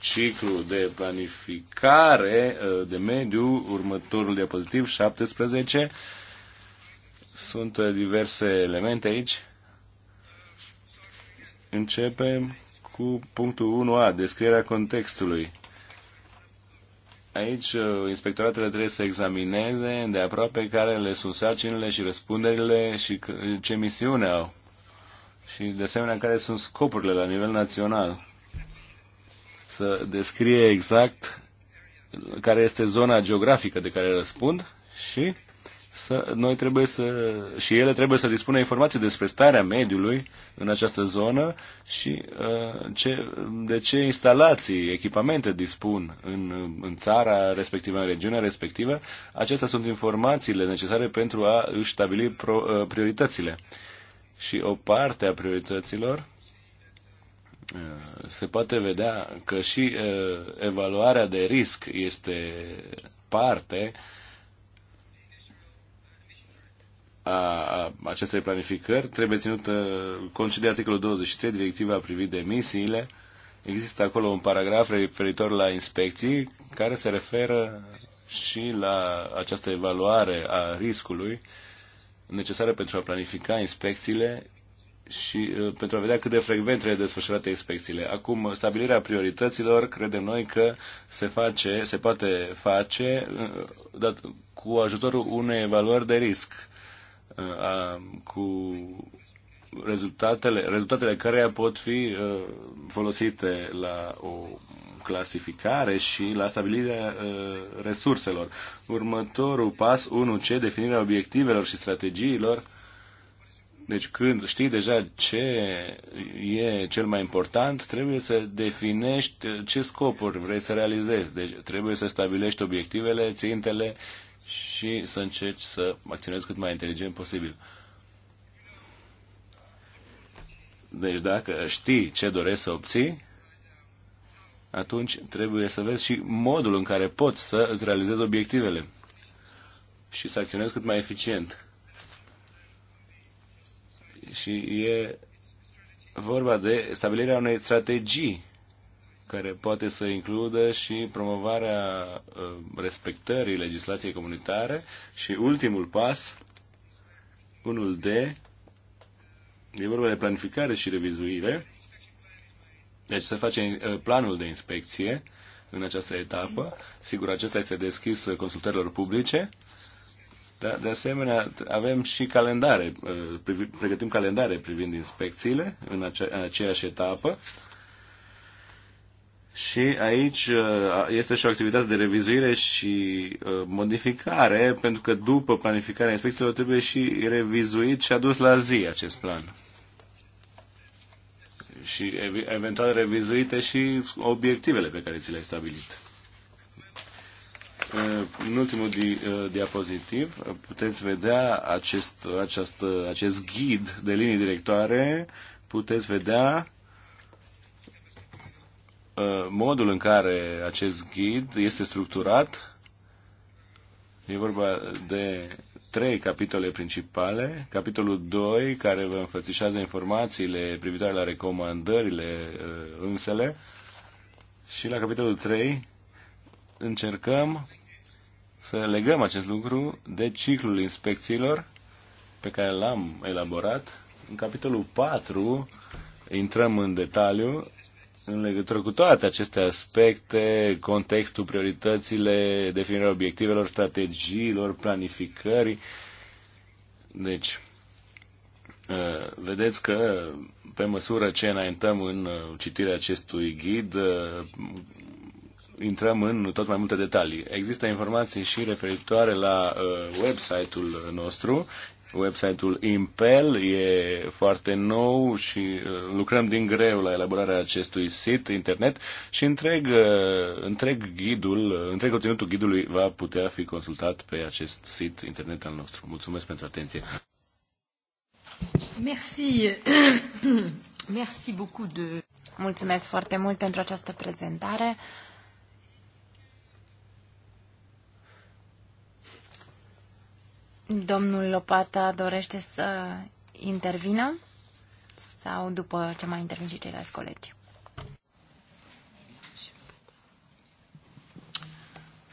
ciclu de planificare de mediu, următorul diapozitiv 17, sunt uh, diverse elemente aici. Începem cu punctul 1a, descrierea contextului. Aici uh, inspectoratele trebuie să examineze de aproape care le sunt sarcinile și răspunderile și ce misiune au. Și de asemenea care sunt scopurile la nivel național. Să descrie exact care este zona geografică de care răspund și să, noi trebuie să, și ele trebuie să dispună informații despre starea mediului în această zonă și uh, ce, de ce instalații, echipamente dispun în, în țara respectivă, în regiunea respectivă. Acestea sunt informațiile necesare pentru a își stabili pro, uh, prioritățile. Și o parte a priorităților uh, se poate vedea că și uh, evaluarea de risc este parte uh, a acestei planificări trebuie ținut cont și de articolul 23, directiva privind emisiile. Există acolo un paragraf referitor la inspecții care se referă și la această evaluare a riscului necesară pentru a planifica inspecțiile și pentru a vedea cât de frecvent trebuie desfășurate inspecțiile. Acum, stabilirea priorităților, credem noi că se, face, se poate face dat, cu ajutorul unei evaluări de risc cu rezultatele, rezultatele care pot fi uh, folosite la o clasificare și la stabilirea uh, resurselor. Următorul pas 1C, definirea obiectivelor și strategiilor. Deci când știi deja ce e cel mai important, trebuie să definești ce scopuri vrei să realizezi. Deci trebuie să stabilești obiectivele, țintele și să încerci să acționezi cât mai inteligent posibil. Deci dacă știi ce dorești să obții, atunci trebuie să vezi și modul în care poți să îți realizezi obiectivele și să acționezi cât mai eficient. Și e vorba de stabilirea unei strategii care poate să includă și promovarea uh, respectării legislației comunitare și ultimul pas, unul de, e vorba de planificare și revizuire, deci se face uh, planul de inspecție în această etapă. Sigur, acesta este deschis uh, consultărilor publice. Dar, de asemenea, avem și calendare, pregătim calendare privind inspecțiile în aceeași etapă și aici uh, este și o activitate de revizuire și uh, modificare, pentru că după planificarea inspecțiilor trebuie și revizuit și adus la zi acest plan. Și eventual revizuite și obiectivele pe care ți le-ai stabilit. Uh, în ultimul di, diapozitiv puteți vedea acest, acest, acest ghid de linii directoare, puteți vedea Ă, modul în care acest ghid este structurat. E vorba de trei capitole principale. Capitolul 2, care vă înfățișează informațiile privitoare la recomandările ă, însele. Și la capitolul 3 încercăm să legăm acest lucru de ciclul inspecțiilor pe care l-am elaborat. În capitolul 4 intrăm în detaliu în legătură cu toate aceste aspecte, contextul, prioritățile, definirea obiectivelor, strategiilor, planificării. Deci, uh, vedeți că pe măsură ce înaintăm în uh, citirea acestui ghid, uh, intrăm în tot mai multe detalii. Există informații și referitoare la website-ul nostru. Website-ul Impel e foarte nou și uh, lucrăm din greu la elaborarea acestui sit internet și întreg, uh, întreg ghidul, uh, întreg conținutul ghidului va putea fi consultat pe acest sit internet al nostru. Mulțumesc pentru atenție. Merci. (coughs) Merci beaucoup de... Mulțumesc foarte mult pentru această prezentare. Domnul Lopata dorește să intervină sau după ce mai intervin și ceilalți colegi?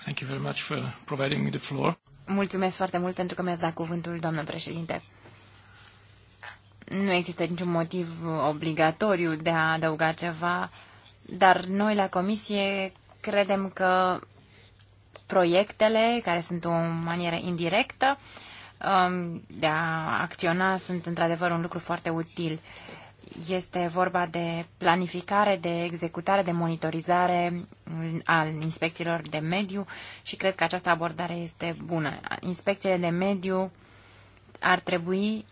Thank you very much for providing me the floor. Mulțumesc foarte mult pentru că mi-ați dat cuvântul, doamnă președinte. Nu există niciun motiv obligatoriu de a adăuga ceva, dar noi la comisie credem că proiectele, care sunt o manieră indirectă um, de a acționa, sunt într-adevăr un lucru foarte util. Este vorba de planificare, de executare, de monitorizare al inspecțiilor de mediu și cred că această abordare este bună. Inspecțiile de mediu ar trebui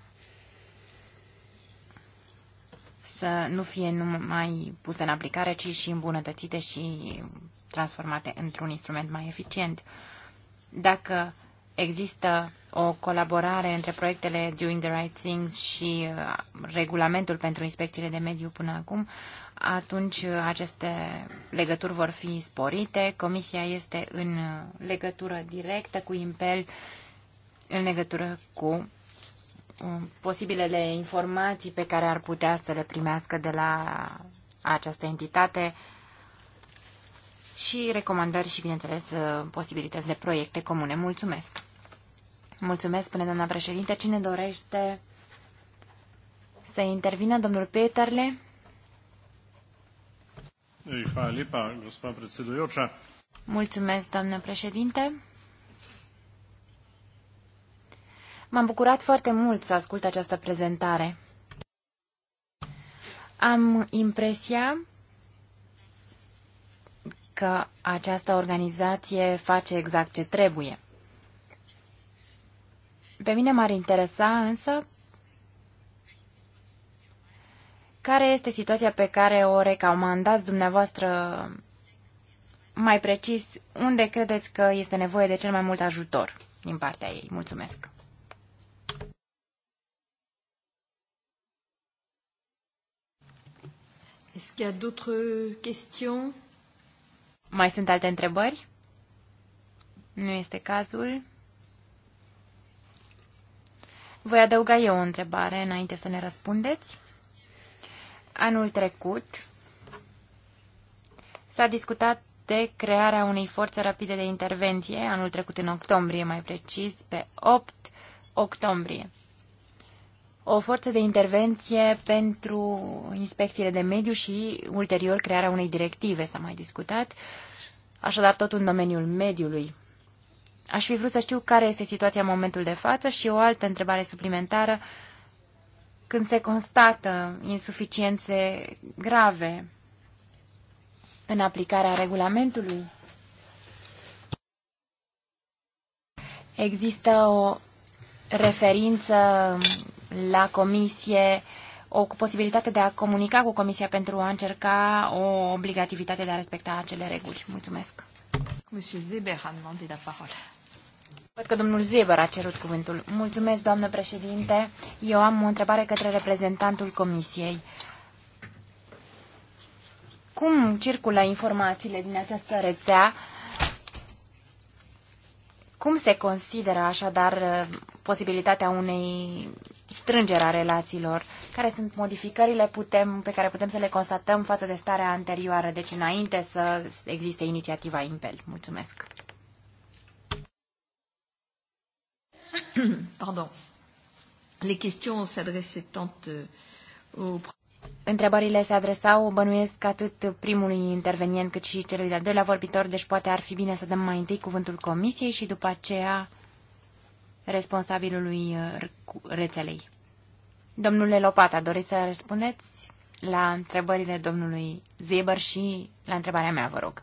să nu fie numai puse în aplicare, ci și îmbunătățite și transformate într-un instrument mai eficient. Dacă există o colaborare între proiectele Doing the Right Things și uh, regulamentul pentru inspecțiile de mediu până acum, atunci uh, aceste legături vor fi sporite. Comisia este în uh, legătură directă cu Impel în legătură cu posibilele informații pe care ar putea să le primească de la această entitate și recomandări și, bineînțeles, uh, posibilități de proiecte comune. Mulțumesc! Mulțumesc, spune doamna președinte. Cine dorește să intervină? Domnul Peterle? Mulțumesc, doamnă președinte. M-am bucurat foarte mult să ascult această prezentare. Am impresia că această organizație face exact ce trebuie. Pe mine m-ar interesa însă care este situația pe care o recomandați dumneavoastră mai precis, unde credeți că este nevoie de cel mai mult ajutor din partea ei. Mulțumesc! Est-ce qu'il y a d'autres questions mai sunt alte întrebări? Nu este cazul. Voi adăuga eu o întrebare înainte să ne răspundeți. Anul trecut s-a discutat de crearea unei forțe rapide de intervenție, anul trecut în octombrie mai precis, pe 8 octombrie o forță de intervenție pentru inspecțiile de mediu și ulterior crearea unei directive, s-a mai discutat, așadar tot în domeniul mediului. Aș fi vrut să știu care este situația în momentul de față și o altă întrebare suplimentară când se constată insuficiențe grave în aplicarea regulamentului. Există o referință la comisie o posibilitate de a comunica cu comisia pentru a încerca o obligativitate de a respecta acele reguli. Mulțumesc. Văd că domnul Zeber a cerut cuvântul. Mulțumesc, doamnă președinte. Eu am o întrebare către reprezentantul comisiei. Cum circulă informațiile din această rețea? Cum se consideră așadar posibilitatea unei strângerea relațiilor, care sunt modificările putem, pe care putem să le constatăm față de starea anterioară, deci înainte să existe inițiativa Impel. Mulțumesc! (coughs) Pardon. Les questions s'adressaient tant euh, au... Întrebările se adresau, bănuiesc, atât primului intervenient cât și celui de-al doilea vorbitor, deci poate ar fi bine să dăm mai întâi cuvântul comisiei și după aceea responsabilului uh, rețelei. Domnule Lopata, doriți să răspundeți la întrebările domnului Zeber și la întrebarea mea, vă rog.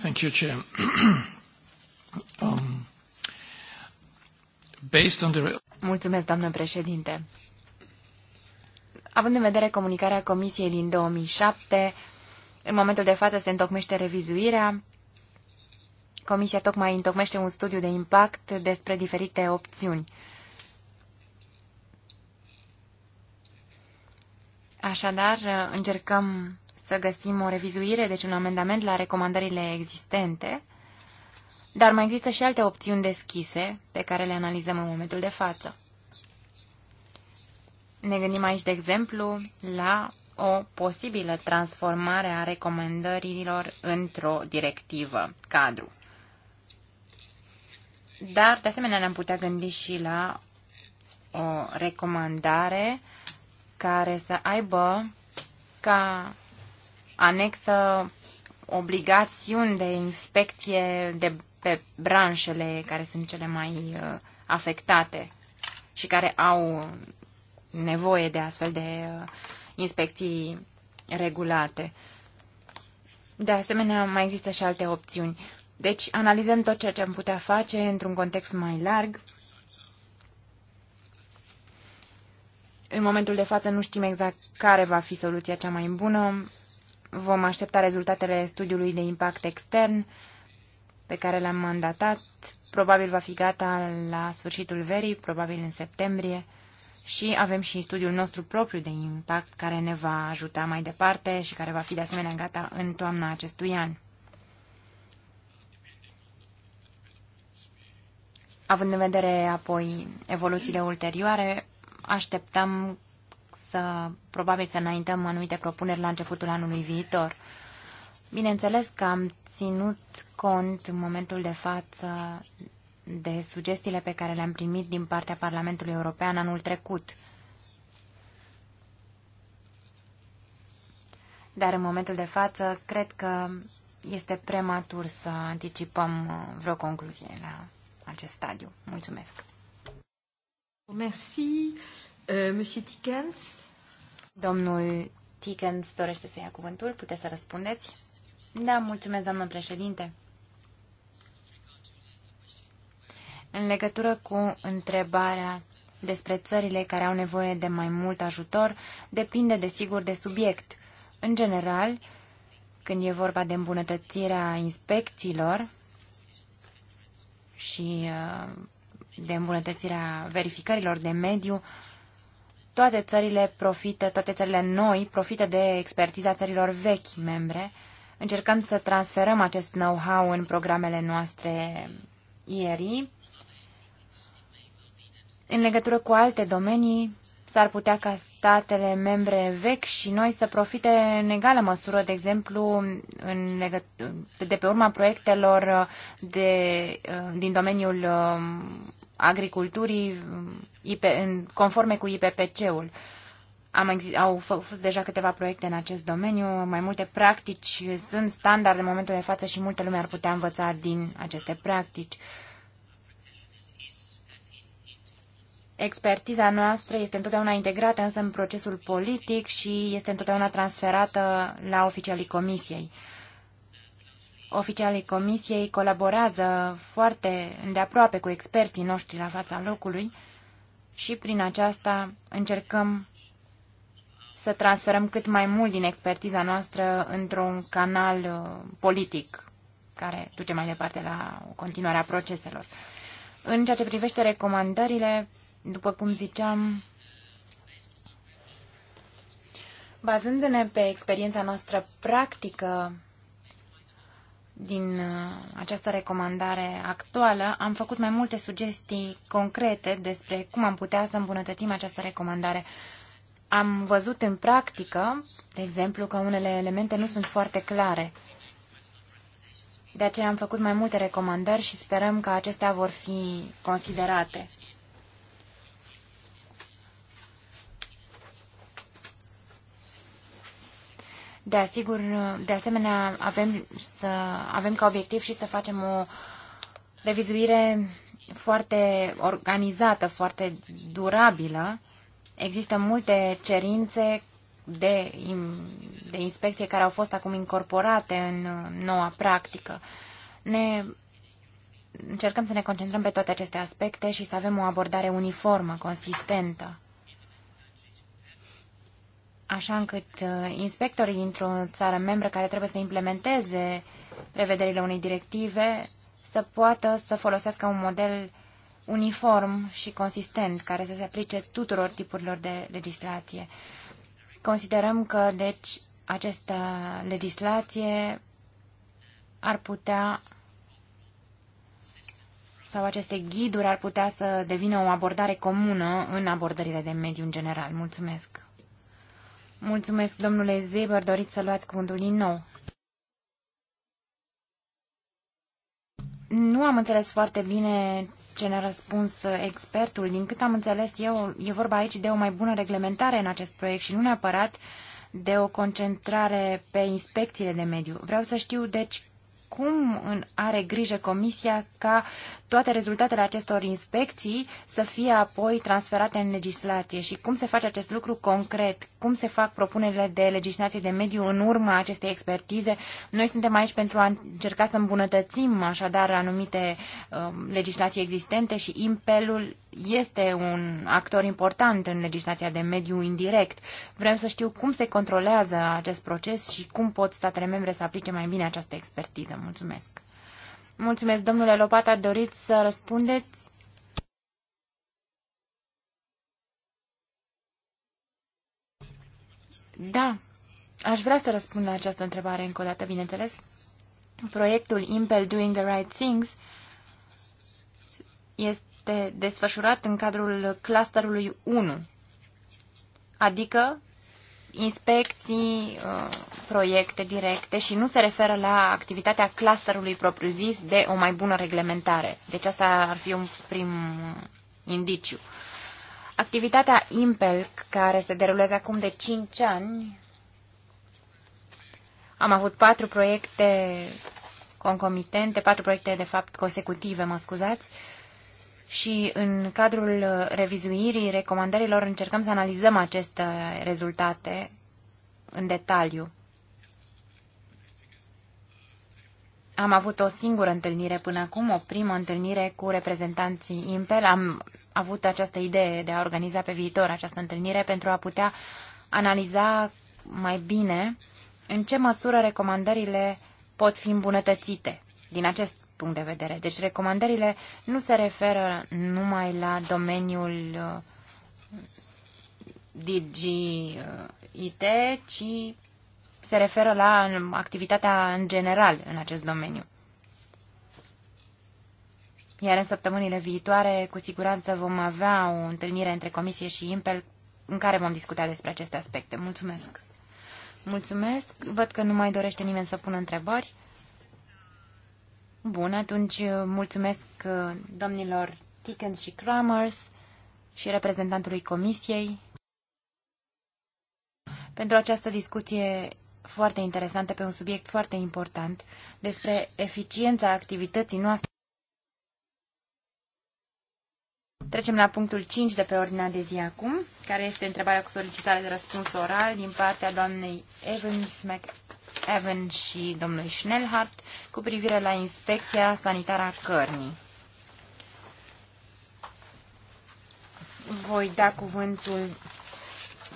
Thank you, Chair. (clears throat) um, based on the... Mulțumesc, doamnă președinte. Având în vedere comunicarea Comisiei din 2007, în momentul de față se întocmește revizuirea. Comisia tocmai întocmește un studiu de impact despre diferite opțiuni. Așadar, încercăm să găsim o revizuire, deci un amendament la recomandările existente, dar mai există și alte opțiuni deschise pe care le analizăm în momentul de față. Ne gândim aici, de exemplu, la o posibilă transformare a recomandărilor într-o directivă cadru. Dar, de asemenea, ne-am putea gândi și la o recomandare care să aibă ca anexă obligațiuni de inspecție de pe branșele care sunt cele mai uh, afectate și care au nevoie de astfel de uh, inspecții regulate. De asemenea, mai există și alte opțiuni. Deci analizăm tot ceea ce am putea face într-un context mai larg. În momentul de față nu știm exact care va fi soluția cea mai bună. Vom aștepta rezultatele studiului de impact extern pe care l-am mandatat. Probabil va fi gata la sfârșitul verii, probabil în septembrie și avem și studiul nostru propriu de impact care ne va ajuta mai departe și care va fi de asemenea gata în toamna acestui an. Având în vedere apoi evoluțiile ulterioare, așteptăm să, probabil să înaintăm anumite propuneri la începutul anului viitor. Bineînțeles că am ținut cont în momentul de față de sugestiile pe care le-am primit din partea Parlamentului European anul trecut. Dar în momentul de față, cred că este prematur să anticipăm uh, vreo concluzie la acest stadiu. Mulțumesc. Merci, uh, Monsieur Tickens. Domnul Tickens dorește să ia cuvântul. Puteți să răspundeți? Da, mulțumesc, doamnă președinte. În legătură cu întrebarea despre țările care au nevoie de mai mult ajutor, depinde desigur de subiect. În general, când e vorba de îmbunătățirea inspecțiilor și uh, de îmbunătățirea verificărilor de mediu, toate țările profită, toate țările noi profită de expertiza țărilor vechi membre. Încercăm să transferăm acest know-how în programele noastre IRI în legătură cu alte domenii, s-ar putea ca statele membre vechi și noi să profite în egală măsură, de exemplu, în de pe urma proiectelor de, uh, din domeniul uh, agriculturii uh, IP, conforme cu IPPC-ul. Am au fost deja câteva proiecte în acest domeniu, mai multe practici sunt standard în momentul de față și multă lume ar putea învăța din aceste practici. Uh, Expertiza noastră este întotdeauna integrată însă în procesul politic și este întotdeauna transferată la oficialii comisiei. Oficialii comisiei colaborează foarte îndeaproape cu experții noștri la fața locului și prin aceasta încercăm să transferăm cât mai mult din expertiza noastră într-un canal uh, politic care duce mai departe la continuarea proceselor. În ceea ce privește recomandările, după cum ziceam, bazându-ne pe experiența noastră practică din uh, această recomandare actuală, am făcut mai multe sugestii concrete despre cum am putea să îmbunătățim această recomandare. Am văzut în practică, de exemplu, că unele elemente nu sunt foarte clare. De aceea am făcut mai multe recomandări și sperăm că acestea vor fi considerate. De, asigur, de asemenea, avem, să, avem ca obiectiv și să facem o revizuire foarte organizată, foarte durabilă. Există multe cerințe de, de inspecție care au fost acum incorporate în noua practică. Ne încercăm să ne concentrăm pe toate aceste aspecte și să avem o abordare uniformă, consistentă așa încât uh, inspectorii dintr-o țară membră care trebuie să implementeze prevederile unei directive să poată să folosească un model uniform și consistent care să se aplice tuturor tipurilor de legislație. Considerăm că, deci, această legislație ar putea sau aceste ghiduri ar putea să devină o abordare comună în abordările de mediu în general. Mulțumesc! Mulțumesc, domnule Zeber, doriți să luați cuvântul din nou. Nu am înțeles foarte bine ce ne-a răspuns expertul. Din cât am înțeles eu, e vorba aici de o mai bună reglementare în acest proiect și nu neapărat de o concentrare pe inspecțiile de mediu. Vreau să știu, deci, cum are grijă Comisia ca toate rezultatele acestor inspecții să fie apoi transferate în legislație și cum se face acest lucru concret, cum se fac propunerile de legislație de mediu în urma acestei expertize. Noi suntem aici pentru a încerca să îmbunătățim așadar anumite um, legislații existente și impelul este un actor important în legislația de mediu indirect. Vreau să știu cum se controlează acest proces și cum pot statele membre să aplice mai bine această expertiză. Mulțumesc! Mulțumesc, domnule Lopata, doriți să răspundeți? Da, aș vrea să răspund la această întrebare încă o dată, bineînțeles. Proiectul Impel Doing the Right Things este este desfășurat în cadrul clusterului 1, adică inspecții, uh, proiecte directe și nu se referă la activitatea clusterului propriu-zis de o mai bună reglementare. Deci asta ar fi un prim indiciu. Activitatea IMPEL, care se derulează acum de 5 ani, am avut patru proiecte concomitente, patru proiecte, de fapt, consecutive, mă scuzați, uh, și în cadrul revizuirii recomandărilor încercăm să analizăm aceste rezultate în detaliu. Am avut o singură întâlnire până acum, o primă întâlnire cu reprezentanții Impel. Am avut această idee de a organiza pe viitor această întâlnire pentru a putea analiza mai bine în ce măsură recomandările pot fi îmbunătățite. Din acest punct de vedere. Deci recomandările nu se referă numai la domeniul uh, DGIT, uh, ci se referă la activitatea în general în acest domeniu. Iar în săptămânile viitoare, cu siguranță, vom avea o întâlnire între Comisie și Impel în care vom discuta despre aceste aspecte. Mulțumesc! Mulțumesc! Văd că nu mai dorește nimeni să pună întrebări. Bun, atunci uh, mulțumesc uh, domnilor Tickens și Kramers și reprezentantului Comisiei pentru această discuție foarte interesantă pe un subiect foarte important despre eficiența activității noastre. Trecem la punctul 5 de pe ordinea de zi acum, care este întrebarea cu solicitare de răspuns oral din partea doamnei Evans McAllen Evan și domnului Schnellhardt cu privire la inspecția sanitară a cărnii. Voi da cuvântul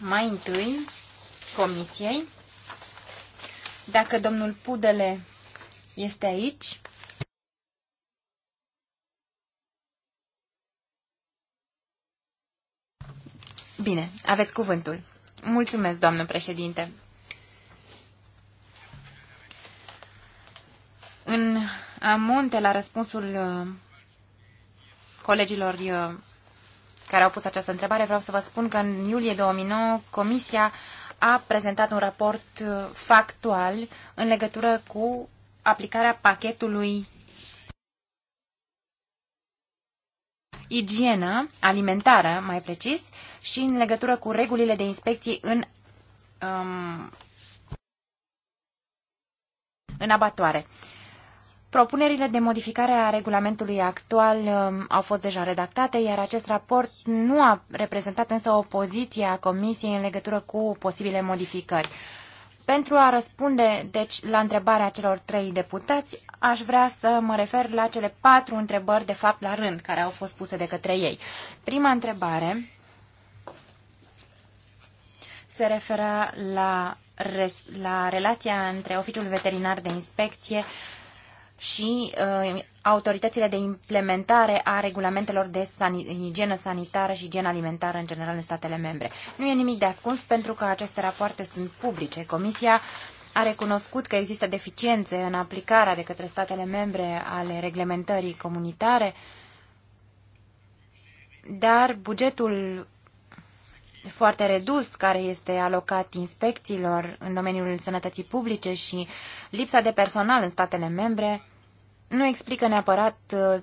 mai întâi comisiei. Dacă domnul Pudele este aici, Bine, aveți cuvântul. Mulțumesc, doamnă președinte. în amonte la răspunsul uh, colegilor uh, care au pus această întrebare, vreau să vă spun că în iulie 2009 Comisia a prezentat un raport uh, factual în legătură cu aplicarea pachetului igienă alimentară, mai precis, și în legătură cu regulile de inspecție în, um, în abatoare. Uh, Propunerile de modificare a regulamentului actual um, au fost deja redactate, iar acest raport nu a reprezentat însă opoziția Comisiei în legătură cu posibile modificări. Pentru a răspunde, deci, la întrebarea celor trei deputați, aș vrea să mă refer la cele patru întrebări, de fapt, la rând, care au fost puse de către ei. Prima întrebare se referă la, la relația între Oficiul Veterinar de Inspecție și uh, autoritățile de implementare a regulamentelor de san- igienă sanitară și igienă alimentară în general în statele membre. Nu e nimic de ascuns pentru că aceste rapoarte sunt publice. Comisia a recunoscut că există deficiențe în aplicarea de către statele membre ale reglementării comunitare, dar bugetul foarte redus care este alocat inspecțiilor în domeniul sănătății publice și lipsa de personal în statele membre nu explică neapărat uh,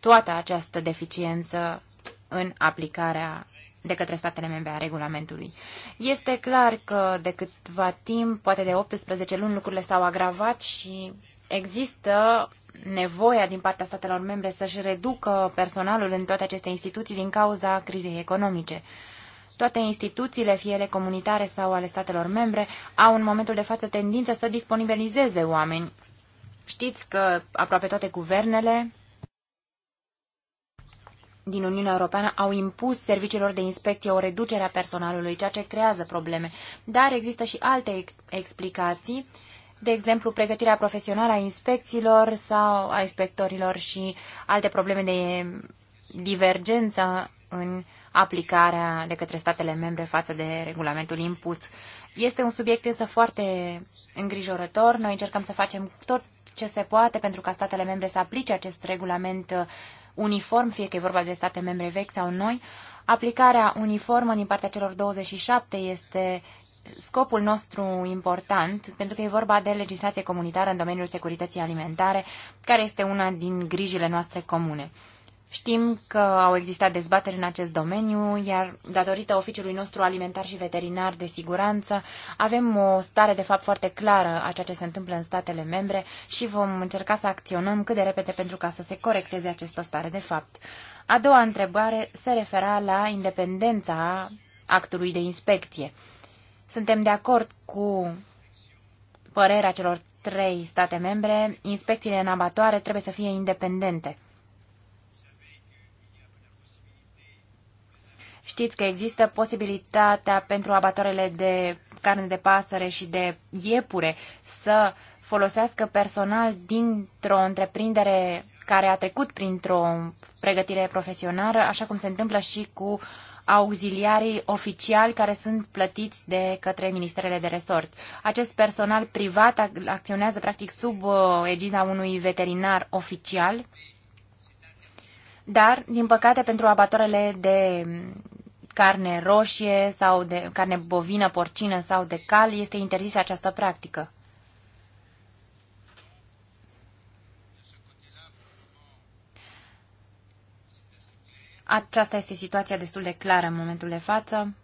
toată această deficiență în aplicarea de către statele membre a regulamentului. Este clar că de câtva timp, poate de 18 luni, lucrurile s-au agravat și există nevoia din partea statelor membre să-și reducă personalul în toate aceste instituții din cauza crizei economice. Toate instituțiile, fie ele comunitare sau ale statelor membre, au în momentul de față tendința să disponibilizeze oameni Știți că aproape toate guvernele din Uniunea Europeană au impus serviciilor de inspecție o reducere a personalului, ceea ce creează probleme. Dar există și alte explicații, de exemplu pregătirea profesională a inspecțiilor sau a inspectorilor și alte probleme de divergență în aplicarea de către statele membre față de regulamentul impus. Este un subiect însă foarte îngrijorător. Noi încercăm să facem tot ce se poate pentru ca statele membre să aplice acest regulament uh, uniform, fie că e vorba de state membre vechi sau noi. Aplicarea uniformă din partea celor 27 este scopul nostru important, pentru că e vorba de legislație comunitară în domeniul securității alimentare, care este una din grijile noastre comune. Știm că au existat dezbateri în acest domeniu, iar datorită oficiului nostru alimentar și veterinar de siguranță, avem o stare de fapt foarte clară a ceea ce se întâmplă în statele membre și vom încerca să acționăm cât de repede pentru ca să se corecteze această stare de fapt. A doua întrebare se refera la independența actului de inspecție. Suntem de acord cu părerea celor trei state membre, inspecțiile în abatoare trebuie să fie independente. Știți că există posibilitatea pentru abatoarele de carne de pasăre și de iepure să folosească personal dintr-o întreprindere care a trecut printr-o pregătire profesională, așa cum se întâmplă și cu auxiliarii oficiali care sunt plătiți de către ministerele de resort. Acest personal privat acționează practic sub uh, egida unui veterinar oficial dar, din păcate, pentru abatoarele de carne roșie sau de carne bovină, porcină sau de cal, este interzisă această practică. Aceasta este situația destul de clară în momentul de față.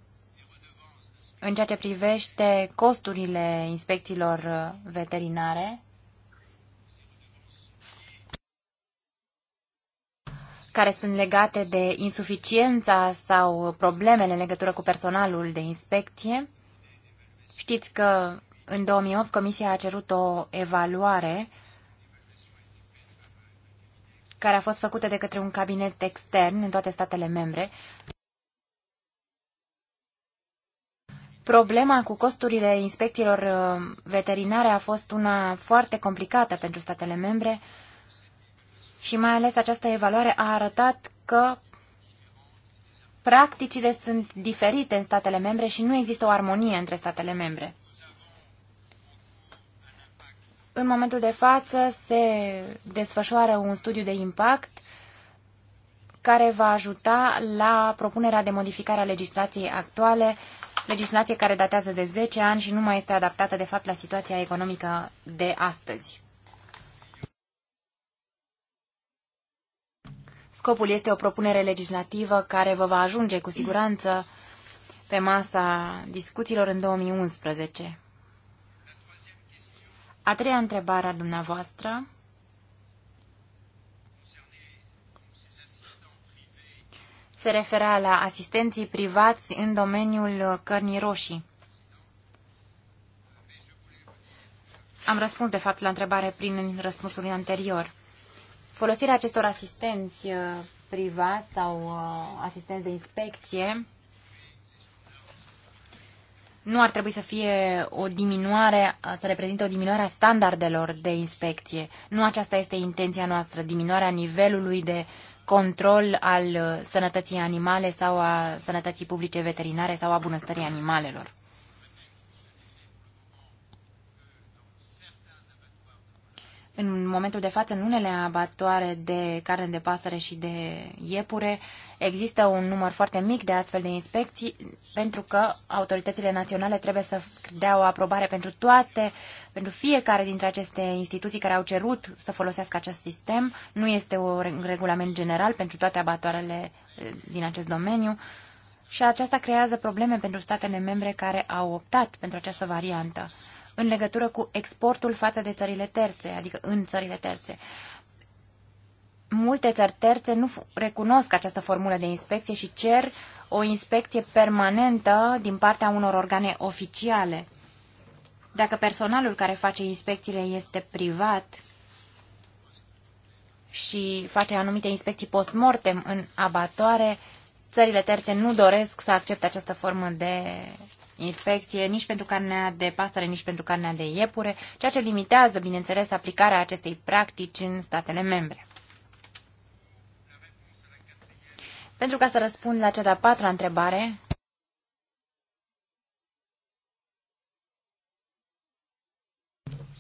În ceea ce privește costurile inspecțiilor uh, veterinare, care sunt legate de insuficiența sau problemele în legătură cu personalul de inspecție. Știți că în 2008 Comisia a cerut o evaluare care a fost făcută de către un cabinet extern în toate statele membre. Problema cu costurile inspecțiilor uh, veterinare a fost una foarte complicată pentru statele membre, și mai ales această evaluare a arătat că practicile sunt diferite în statele membre și nu există o armonie între statele membre. În momentul de față se desfășoară un studiu de impact care va ajuta la propunerea de modificare a legislației actuale, legislație care datează de 10 ani și nu mai este adaptată de fapt la situația economică de astăzi. Scopul este o propunere legislativă care vă va ajunge cu siguranță pe masa discuțiilor în 2011. A treia întrebare a dumneavoastră se referea la asistenții privați în domeniul cărnii roșii. Am răspuns, de fapt, la întrebare prin răspunsul anterior. Folosirea acestor asistenți uh, privați sau uh, asistenți de inspecție nu ar trebui să fie o diminuare, uh, să reprezinte o diminuare a standardelor de inspecție. Nu aceasta este intenția noastră, diminuarea nivelului de control al sănătății animale sau a sănătății publice veterinare sau a bunăstării animalelor. În momentul de față, în unele abatoare de carne de pasăre și de iepure, există un număr foarte mic de astfel de inspecții, pentru că autoritățile naționale trebuie să dea o aprobare pentru toate, pentru fiecare dintre aceste instituții care au cerut să folosească acest sistem. Nu este un regulament general pentru toate abatoarele eh, din acest domeniu și aceasta creează probleme pentru statele membre care au optat pentru această variantă în legătură cu exportul față de țările terțe, adică în țările terțe. Multe țări terțe nu recunosc această formulă de inspecție și cer o inspecție permanentă din partea unor organe oficiale. Dacă personalul care face inspecțiile este privat și face anumite inspecții post-mortem în abatoare, țările terțe nu doresc să accepte această formă de inspecție nici pentru carnea de pasăre, nici pentru carnea de iepure, ceea ce limitează, bineînțeles, aplicarea acestei practici în statele membre. Pentru ca să răspund la cea de-a patra întrebare,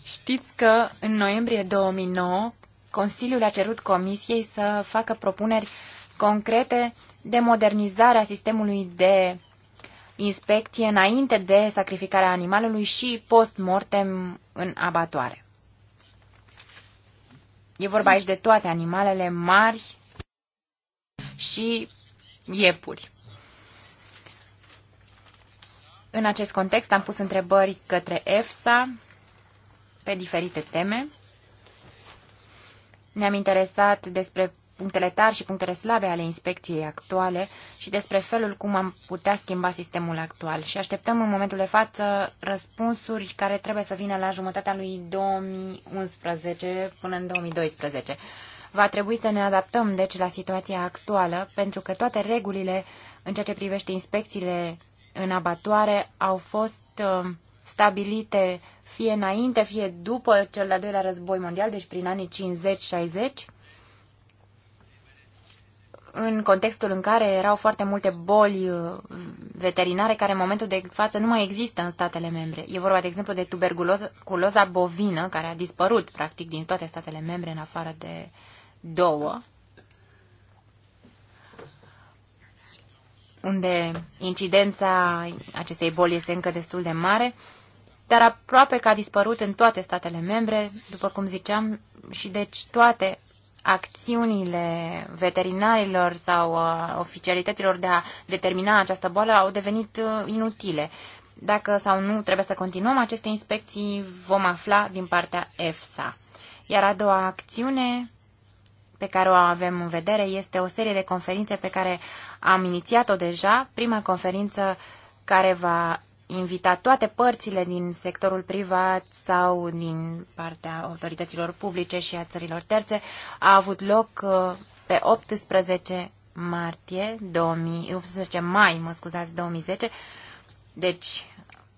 știți că în noiembrie 2009 Consiliul a cerut Comisiei să facă propuneri concrete de modernizare a sistemului de inspecție înainte de sacrificarea animalului și post-mortem în abatoare. E vorba aici de toate animalele mari și iepuri. În acest context am pus întrebări către EFSA pe diferite teme. Ne-am interesat despre punctele tari și punctele slabe ale inspecției actuale și despre felul cum am putea schimba sistemul actual. Și așteptăm în momentul de față răspunsuri care trebuie să vină la jumătatea lui 2011 până în 2012. Va trebui să ne adaptăm, deci, la situația actuală, pentru că toate regulile în ceea ce privește inspecțiile în abatoare au fost uh, stabilite fie înainte, fie după cel de-al doilea război mondial, deci prin anii 50-60, în contextul în care erau foarte multe boli uh, veterinare care în momentul de față nu mai există în statele membre. E vorba, de exemplu, de tuberculoza bovină, care a dispărut, practic, din toate statele membre, în afară de două, unde incidența acestei boli este încă destul de mare, dar aproape că a dispărut în toate statele membre, după cum ziceam, și deci toate acțiunile veterinarilor sau uh, oficialităților de a determina această boală au devenit uh, inutile. Dacă sau nu trebuie să continuăm aceste inspecții, vom afla din partea EFSA. Iar a doua acțiune pe care o avem în vedere este o serie de conferințe pe care am inițiat-o deja. Prima conferință care va invitat toate părțile din sectorul privat sau din partea autorităților publice și a țărilor terțe a avut loc uh, pe 18 martie 2000, 18 mai, mă scuzați, 2010, deci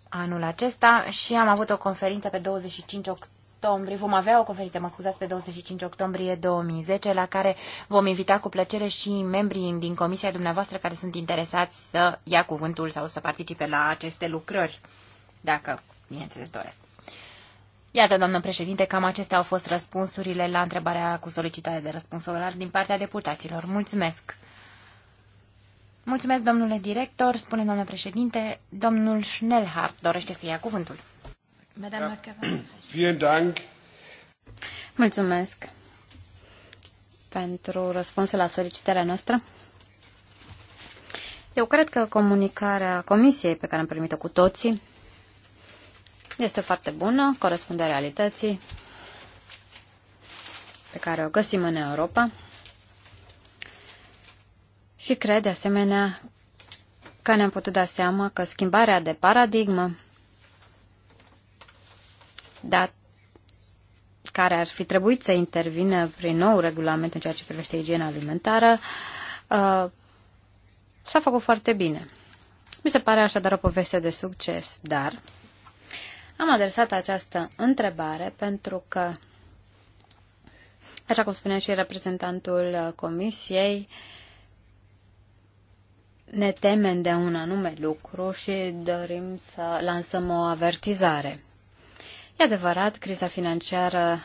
anul acesta și am avut o conferință pe 25 octombrie octombrie, vom avea o conferință, mă scuzați, pe 25 octombrie 2010, la care vom invita cu plăcere și membrii din comisia dumneavoastră care sunt interesați să ia cuvântul sau să participe la aceste lucrări, dacă, bineînțeles, doresc. Iată, doamnă președinte, cam acestea au fost răspunsurile la întrebarea cu solicitare de răspuns oral din partea deputaților. Mulțumesc! Mulțumesc, domnule director, spune domnule președinte. Domnul Schnellhardt dorește să ia cuvântul. Mulțumesc pentru răspunsul la solicitarea noastră. Eu cred că comunicarea comisiei pe care am primit-o cu toții este foarte bună, corespunde realității pe care o găsim în Europa și cred de asemenea că ne-am putut da seama că schimbarea de paradigmă dat care ar fi trebuit să intervină prin nou regulament în ceea ce privește igiena alimentară, uh, s-a făcut foarte bine. Mi se pare așadar o poveste de succes, dar am adresat această întrebare pentru că, așa cum spunea și reprezentantul comisiei, ne temem de un anume lucru și dorim să lansăm o avertizare. E adevărat, criza financiară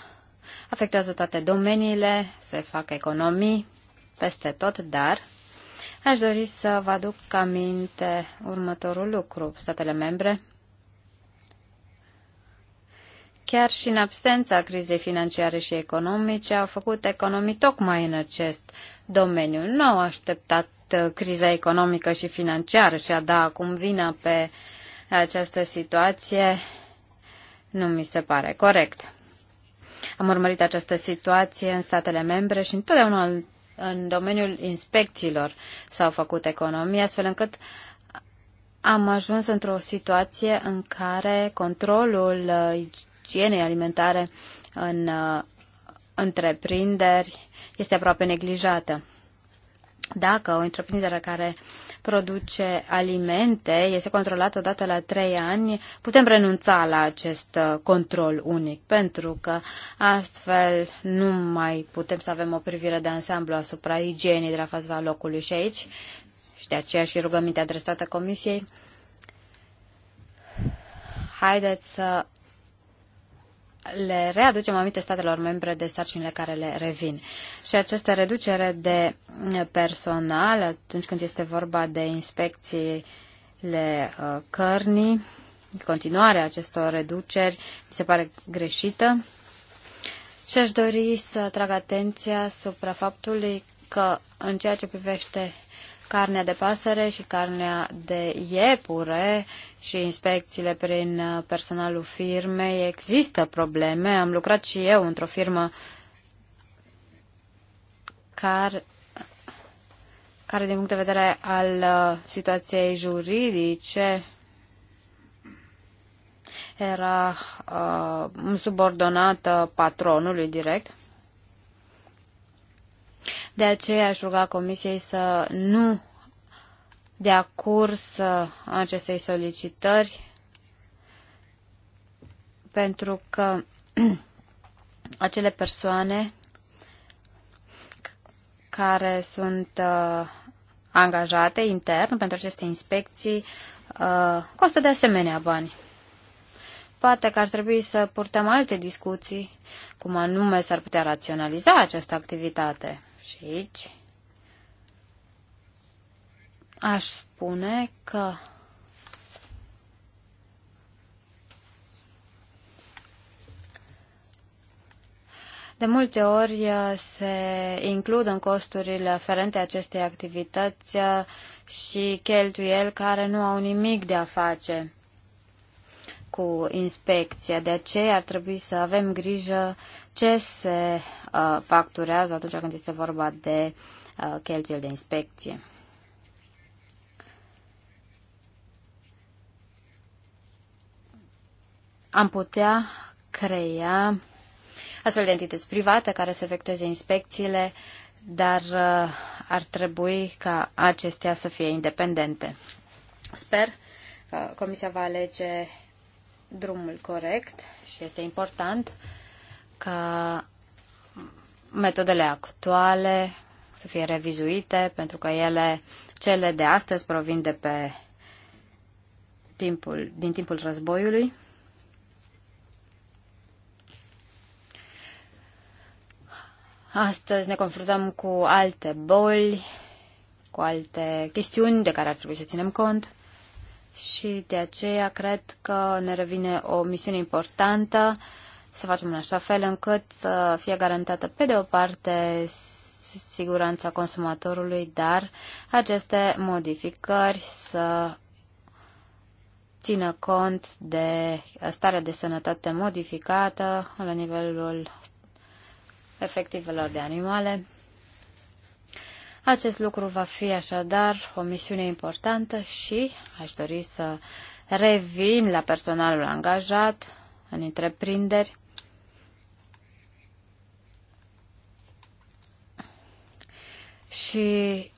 afectează toate domeniile, se fac economii peste tot, dar aș dori să vă aduc aminte următorul lucru. Statele membre, chiar și în absența crizei financiare și economice, au făcut economii tocmai în acest domeniu. Nu au așteptat uh, criza economică și financiară și a da acum vina pe această situație nu mi se pare corect. Am urmărit această situație în statele membre și întotdeauna în domeniul inspecțiilor s-au făcut economii, astfel încât am ajuns într-o situație în care controlul uh, igienei alimentare în uh, întreprinderi este aproape neglijată. Dacă o întreprindere care produce alimente este controlat odată la trei ani, putem renunța la acest uh, control unic, pentru că astfel nu mai putem să avem o privire de ansamblu asupra igienii de la fața locului și aici, și de aceea și rugăminte adresată Comisiei, haideți să le readucem aminte statelor membre de sarcinile care le revin. Și această reducere de personal, atunci când este vorba de inspecțiile uh, cărnii, continuarea acestor reduceri, mi se pare greșită. Și aș dori să trag atenția asupra faptului că în ceea ce privește carnea de pasăre și carnea de iepure și inspecțiile prin uh, personalul firmei, există probleme. Am lucrat și eu într-o firmă care, care din punct de vedere al uh, situației juridice era uh, subordonată patronului direct. De aceea aș ruga Comisiei să nu dea curs uh, acestei solicitări, pentru că (clears throat) acele persoane care sunt uh, angajate intern pentru aceste inspecții uh, costă de asemenea bani. Poate că ar trebui să purtăm alte discuții cum anume s-ar putea raționaliza această activitate. Și aici aș spune că De multe ori uh, se includ în costurile aferente acestei activități uh, și cheltuieli care nu au nimic de a face cu inspecția. De aceea ar trebui să avem grijă ce se uh, facturează atunci când este vorba de uh, cheltuieli de inspecție. Am putea crea astfel de entități private care să efectueze inspecțiile, dar uh, ar trebui ca acestea să fie independente. Sper că Comisia va alege drumul corect și este important ca metodele actuale să fie revizuite, pentru că ele, cele de astăzi, provin de pe timpul, din timpul războiului. Astăzi ne confruntăm cu alte boli, cu alte chestiuni de care ar trebui să ținem cont și de aceea cred că ne revine o misiune importantă să facem în așa fel încât să fie garantată pe de o parte siguranța consumatorului, dar aceste modificări să țină cont de starea de sănătate modificată la nivelul efectivelor de animale. Acest lucru va fi așadar o misiune importantă și aș dori să revin la personalul angajat în întreprinderi. Și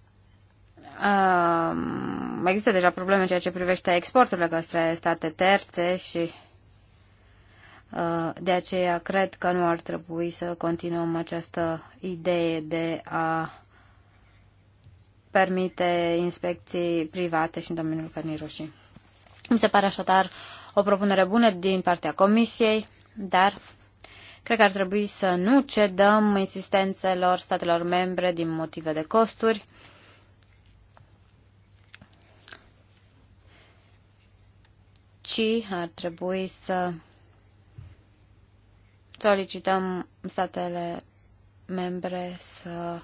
um, există deja probleme în ceea ce privește exporturile către state terțe și uh, de aceea cred că nu ar trebui să continuăm această idee de a permite inspecții private și în domeniul cărnii roșii. Mi se pare așadar o propunere bună din partea Comisiei, dar cred că ar trebui să nu cedăm insistențelor statelor membre din motive de costuri. ci ar trebui să solicităm statele membre să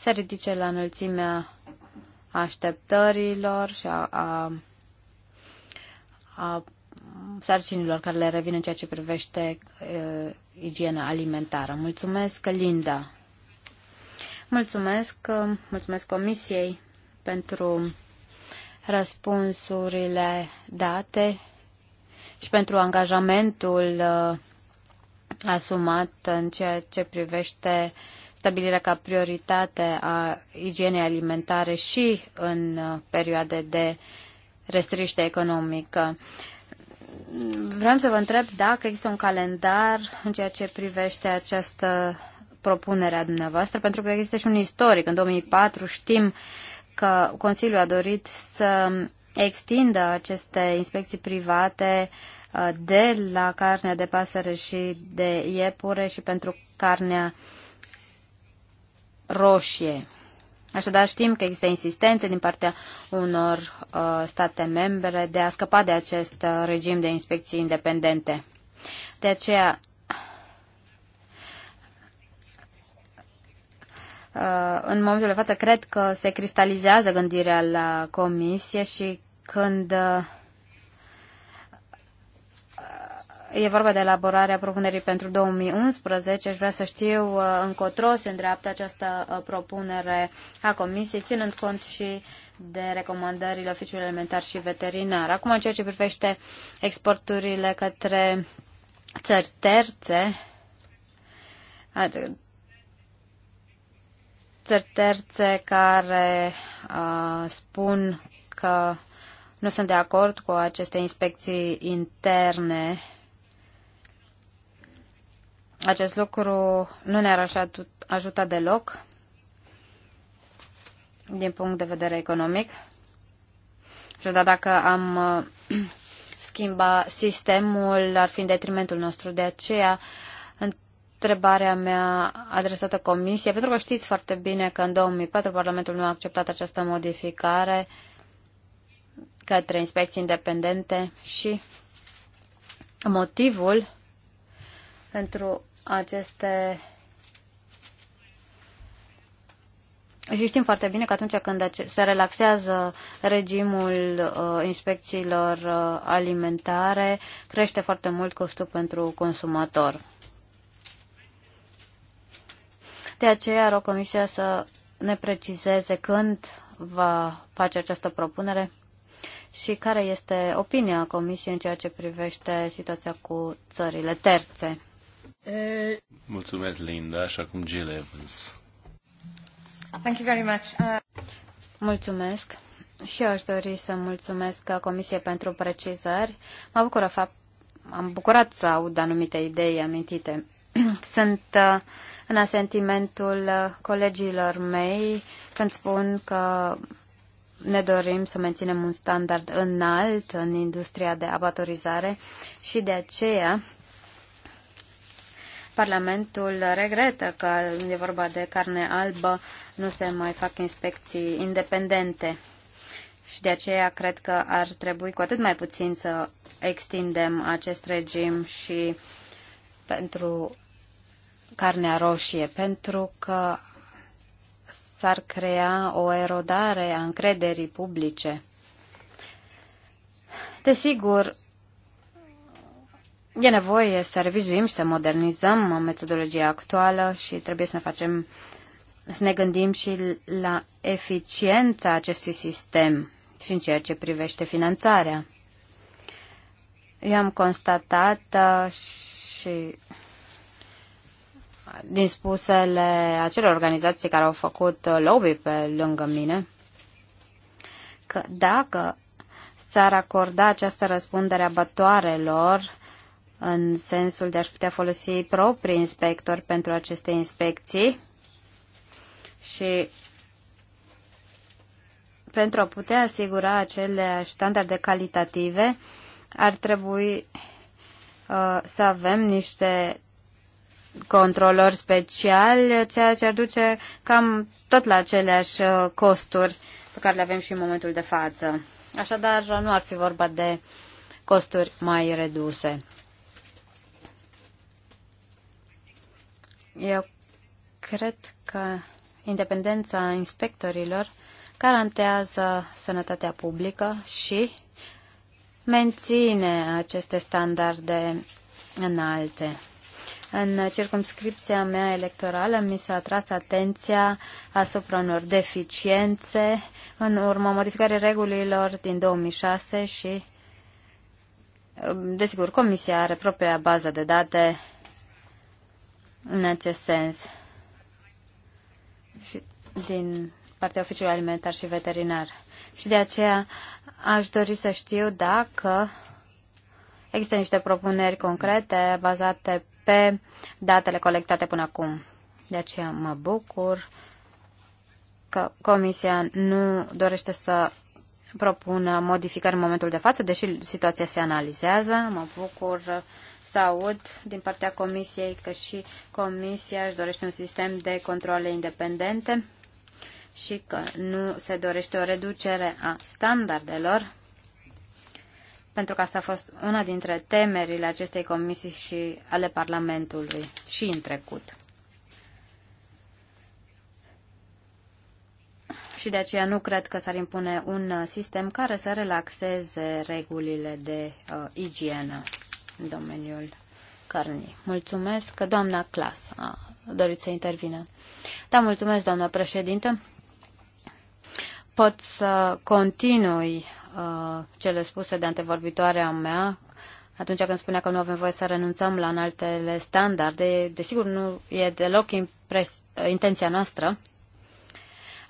se ridice la înălțimea așteptărilor și a, a, a sarcinilor care le revin în ceea ce privește uh, igiena alimentară. Mulțumesc, Linda! Mulțumesc, uh, mulțumesc Comisiei pentru răspunsurile date și pentru angajamentul uh, asumat în ceea ce privește uh, stabilirea ca prioritate a igienei alimentare și în uh, perioade de restriște economică. Vreau să vă întreb dacă există un calendar în ceea ce privește această propunere a dumneavoastră, pentru că există și un istoric. În 2004 știm că Consiliul a dorit să extindă aceste inspecții private uh, de la carnea de pasăre și de iepure și pentru carnea uh, roșie. Așadar știm că există insistențe din partea unor uh, state membre de a scăpa de acest uh, regim de inspecții independente. De aceea uh, în momentul de față cred că se cristalizează gândirea la comisie și când uh, e vorba de elaborarea propunerii pentru 2011. Aș vrea să știu uh, încotro se îndreaptă această uh, propunere a Comisiei, ținând cont și de recomandările oficiului elementar și veterinar. Acum, în ceea ce privește exporturile către țări terțe, țări terțe care uh, spun că nu sunt de acord cu aceste inspecții interne acest lucru nu ne-ar ajuta deloc din punct de vedere economic. Și da, dacă am uh, (clears throat) schimba sistemul, ar fi în detrimentul nostru. De aceea, întrebarea mea adresată Comisiei, pentru că știți foarte bine că în 2004 Parlamentul nu a acceptat această modificare către inspecții independente și motivul pentru aceste și știm foarte bine că atunci când se relaxează regimul uh, inspecțiilor uh, alimentare, crește foarte mult costul pentru consumator. De aceea rog Comisia să ne precizeze când va face această propunere și care este opinia Comisiei în ceea ce privește situația cu țările terțe. Eh, mulțumesc, Linda, și acum Jill Evans. Thank you very much. Uh... Mulțumesc. Și eu aș dori să mulțumesc Comisiei pentru precizări. Mă bucur, fapt, am bucurat să aud anumite idei amintite. (clears throat) Sunt uh, în asentimentul uh, colegilor mei când spun că ne dorim să menținem un standard înalt în industria de abatorizare și de aceea Parlamentul regretă că e vorba de carne albă, nu se mai fac inspecții independente și de aceea cred că ar trebui cu atât mai puțin să extindem acest regim și pentru carnea roșie, pentru că s-ar crea o erodare a încrederii publice. Desigur, E nevoie să revizuim și să modernizăm metodologia actuală și trebuie să ne facem să ne gândim și la eficiența acestui sistem și în ceea ce privește finanțarea. Eu am constatat uh, și din spusele acelor organizații care au făcut uh, lobby pe lângă mine că dacă s-ar acorda această răspundere abătoarelor în sensul de a-și putea folosi proprii inspectori pentru aceste inspecții și pentru a putea asigura acele standarde calitative, ar trebui uh, să avem niște controlori speciali, ceea ce ar duce cam tot la aceleași uh, costuri pe care le avem și în momentul de față. Așadar, nu ar fi vorba de costuri mai reduse. Eu cred că independența inspectorilor garantează sănătatea publică și menține aceste standarde înalte. În circumscripția mea electorală mi s-a atras atenția asupra unor deficiențe în urma modificării regulilor din 2006 și, desigur, Comisia are propria bază de date în acest sens și din partea Oficiului Alimentar și Veterinar. Și de aceea aș dori să știu dacă există niște propuneri concrete bazate pe datele colectate până acum. De aceea mă bucur că Comisia nu dorește să propună modificări în momentul de față, deși situația se analizează. Mă bucur să aud din partea Comisiei că și Comisia își dorește un sistem de controle independente și că nu se dorește o reducere a standardelor, pentru că asta a fost una dintre temerile acestei comisii și ale Parlamentului și în trecut. Și de aceea nu cred că s-ar impune un sistem care să relaxeze regulile de uh, igienă în domeniul cărnii. Mulțumesc că doamna Clas a dorit să intervină. Da, mulțumesc, doamna președintă. Pot să continui uh, cele spuse de antevorbitoarea mea atunci când spunea că nu avem voie să renunțăm la înaltele standarde. Desigur, nu e deloc impres- intenția noastră.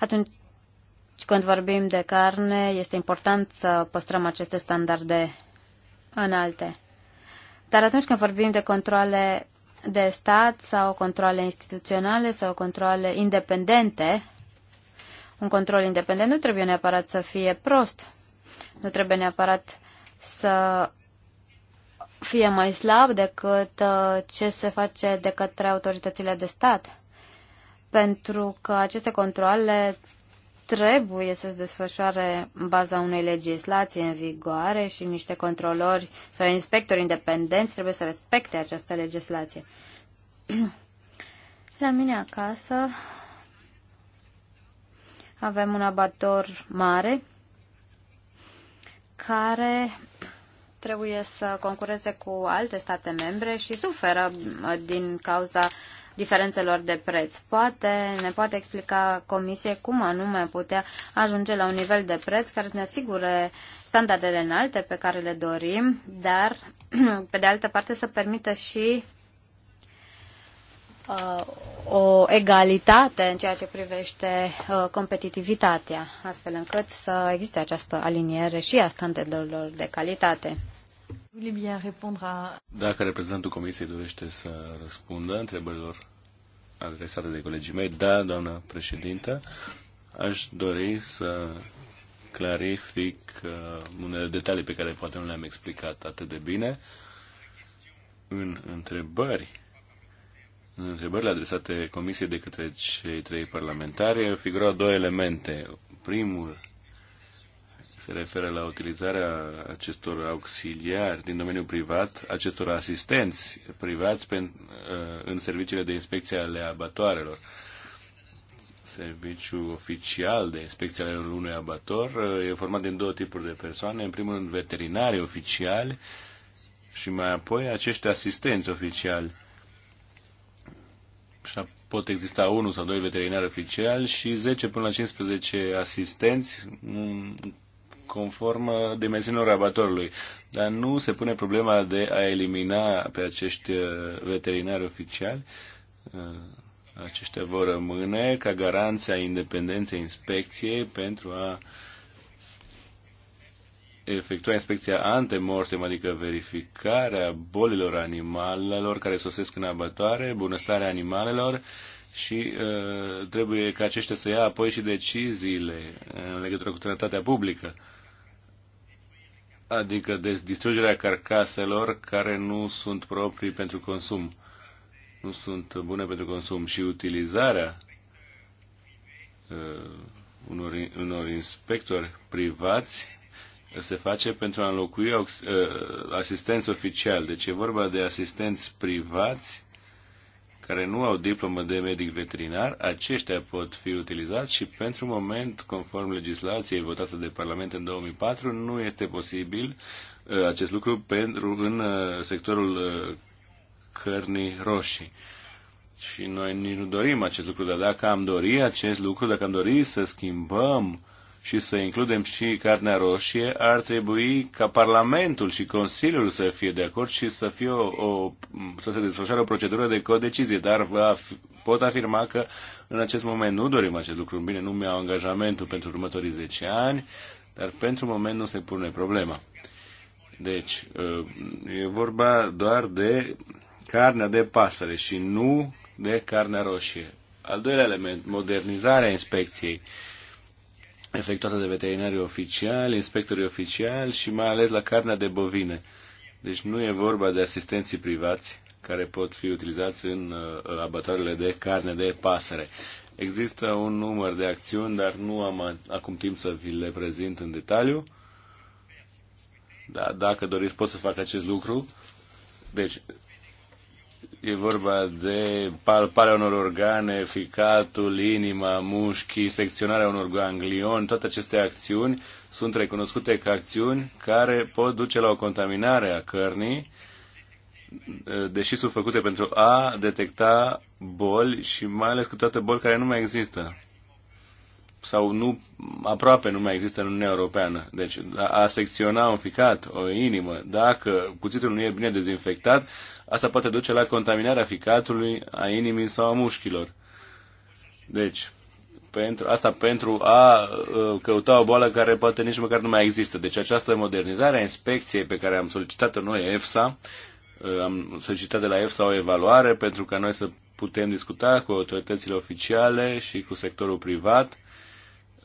Atunci când vorbim de carne, este important să păstrăm aceste standarde înalte. Dar atunci când vorbim de controle de stat sau controle instituționale sau controle independente, un control independent nu trebuie neapărat să fie prost, nu trebuie neapărat să fie mai slab decât uh, ce se face de către autoritățile de stat. Pentru că aceste controle trebuie să se desfășoare în baza unei legislații în vigoare și niște controlori sau inspectori independenți trebuie să respecte această legislație. (clears throat) La mine acasă avem un abator mare care trebuie să concureze cu alte state membre și suferă uh, din cauza diferențelor de preț. Poate ne poate explica Comisie cum anume putea ajunge la un nivel de preț care să ne asigure standardele înalte pe care le dorim, dar (clears throat) pe de altă parte să permită și uh, o egalitate în ceea ce privește uh, competitivitatea, astfel încât să existe această aliniere și a standardelor de calitate. Dacă reprezentantul Comisiei dorește să răspundă întrebărilor adresate de colegii mei, da, doamna președintă, aș dori să clarific uh, unele detalii pe care poate nu le-am explicat atât de bine. În întrebări în întrebările adresate Comisiei de către cei trei parlamentari figurau două elemente. Primul se referă la utilizarea acestor auxiliari din domeniul privat, acestor asistenți privați pe, uh, în serviciile de inspecție ale abatoarelor. Serviciul oficial de inspecție ale unui abator uh, e format din două tipuri de persoane. În primul rând, veterinari oficiali și mai apoi acești asistenți oficiali. Și pot exista unul sau doi veterinari oficiali și 10 până la 15 asistenți conform uh, dimensiunilor rabatorului. Dar nu se pune problema de a elimina pe acești uh, veterinari oficiali. Uh, aceștia vor rămâne ca garanția independenței inspecției pentru a efectua inspecția antemortem, adică verificarea bolilor animalelor care sosesc în abătoare, bunăstarea animalelor, și uh, trebuie ca aceștia să ia apoi și deciziile uh, în legătură cu sănătatea publică, adică de distrugerea carcaselor care nu sunt proprii pentru consum, nu sunt bune pentru consum și utilizarea uh, unor, unor inspectori privați se face pentru a înlocui uh, asistenți oficial. Deci e vorba de asistenți privați care nu au diplomă de medic veterinar, aceștia pot fi utilizați și pentru moment, conform legislației votată de Parlament în 2004, nu este posibil uh, acest lucru pentru, în uh, sectorul uh, cărnii roșii. Și noi nici nu dorim acest lucru, dar dacă am dori acest lucru, dacă am dori să schimbăm uh, și să includem și carnea roșie, ar trebui ca Parlamentul și Consiliul să fie de acord și să, fie o, o, să se desfășoare o procedură de codecizie. Dar vă af- pot afirma că în acest moment nu dorim acest lucru. Bine, nu mi-au angajamentul pentru următorii 10 ani, dar pentru moment nu se pune problema. Deci, uh, e vorba doar de carnea de pasăre și nu de carnea roșie. Al doilea element, modernizarea inspecției. Uh, efectuată de veterinarii oficiali, inspectorii oficiali și mai ales la carnea de bovine. Deci nu e vorba de asistenții privați care pot fi utilizați în uh, abatoarele de carne de pasăre. Există un număr de acțiuni, dar nu am acum timp să vi le prezint în detaliu. Da, dacă doriți, pot să fac acest lucru. Deci, E vorba de palparea unor organe, ficatul, inima, mușchi, secționarea unor ganglioni, toate aceste acțiuni sunt recunoscute ca acțiuni care pot duce la o contaminare a cărnii, deși sunt făcute pentru a detecta boli și mai ales cu toate boli care nu mai există sau nu, aproape nu mai există în Uniunea Europeană. Deci a, a secționa un ficat, o inimă, dacă cuțitul nu e bine dezinfectat, Asta poate duce la contaminarea ficatului, a inimii sau a mușchilor. Deci, pentru, asta pentru a uh, căuta o boală care poate nici măcar nu mai există. Deci această modernizare a inspecției pe care am solicitat-o noi, EFSA, uh, am solicitat de la EFSA o evaluare pentru ca noi să putem discuta cu autoritățile oficiale și cu sectorul privat.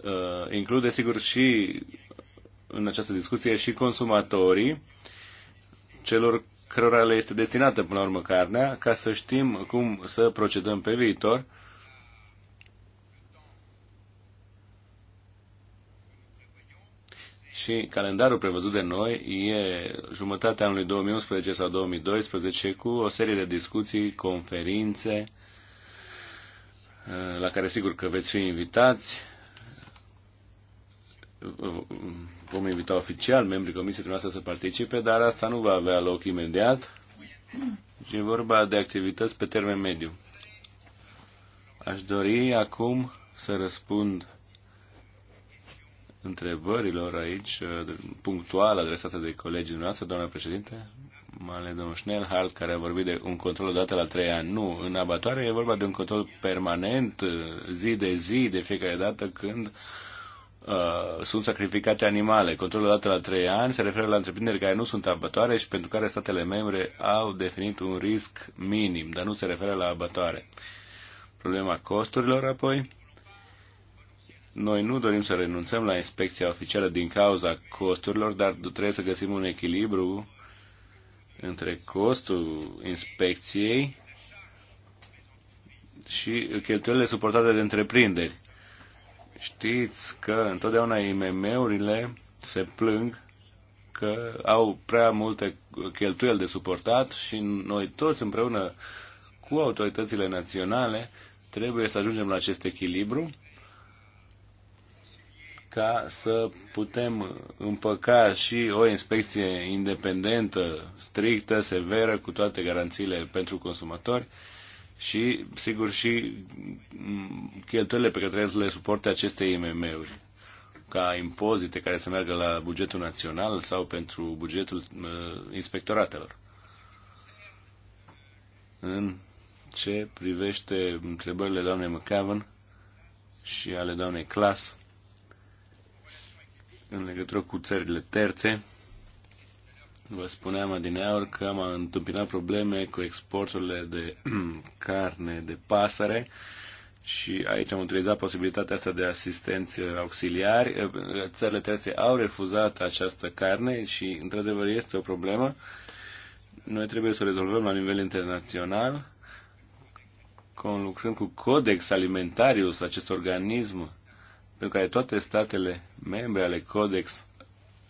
Uh, include, sigur, și în această discuție și consumatorii celor cărora le este destinată până la urmă carnea, ca să știm cum să procedăm pe viitor. Și calendarul prevăzut de noi e jumătatea anului 2011 sau 2012 cu o serie de discuții, conferințe, la care sigur că veți fi invitați vom invita oficial membrii comisiei noastre să participe, dar asta nu va avea loc imediat. E vorba de activități pe termen mediu. Aș dori acum să răspund întrebărilor aici, uh, punctual adresate de colegii noastre, doamna președinte, male domnul Schnellhardt, care a vorbit de un control odată la trei ani. Nu, în abatoare e vorba de un control permanent, uh, zi de zi, de fiecare dată când uh, Uh, sunt sacrificate animale. Controlul dat la trei ani se referă la întreprinderi care nu sunt abătoare și pentru care statele membre au definit un risc minim, dar nu se referă la abătoare. Problema costurilor apoi. Noi nu dorim să renunțăm la inspecția oficială din cauza costurilor, dar trebuie să găsim un echilibru între costul inspecției și cheltuielile suportate de întreprinderi. Știți că întotdeauna IMM-urile se plâng că au prea multe cheltuieli de suportat și noi toți împreună cu autoritățile naționale trebuie să ajungem la acest echilibru ca să putem împăca și o inspecție independentă, strictă, severă, cu toate garanțiile pentru consumatori și, sigur, și cheltuielile pe care trebuie să le suporte aceste IMM-uri ca impozite care să meargă la bugetul național sau pentru bugetul uh, inspectoratelor. În ce privește întrebările doamnei McCavan și ale doamnei Clas în legătură cu țările terțe, Vă spuneam adineauri că am întâmpinat probleme cu exporturile de (clears throat) carne de pasăre și aici am utilizat posibilitatea asta de asistenți auxiliari. Țările terțe au refuzat această carne și, într-adevăr, este o problemă. Noi trebuie să o rezolvăm la nivel internațional, lucrând cu Codex Alimentarius, acest organism, pentru care toate statele membre ale Codex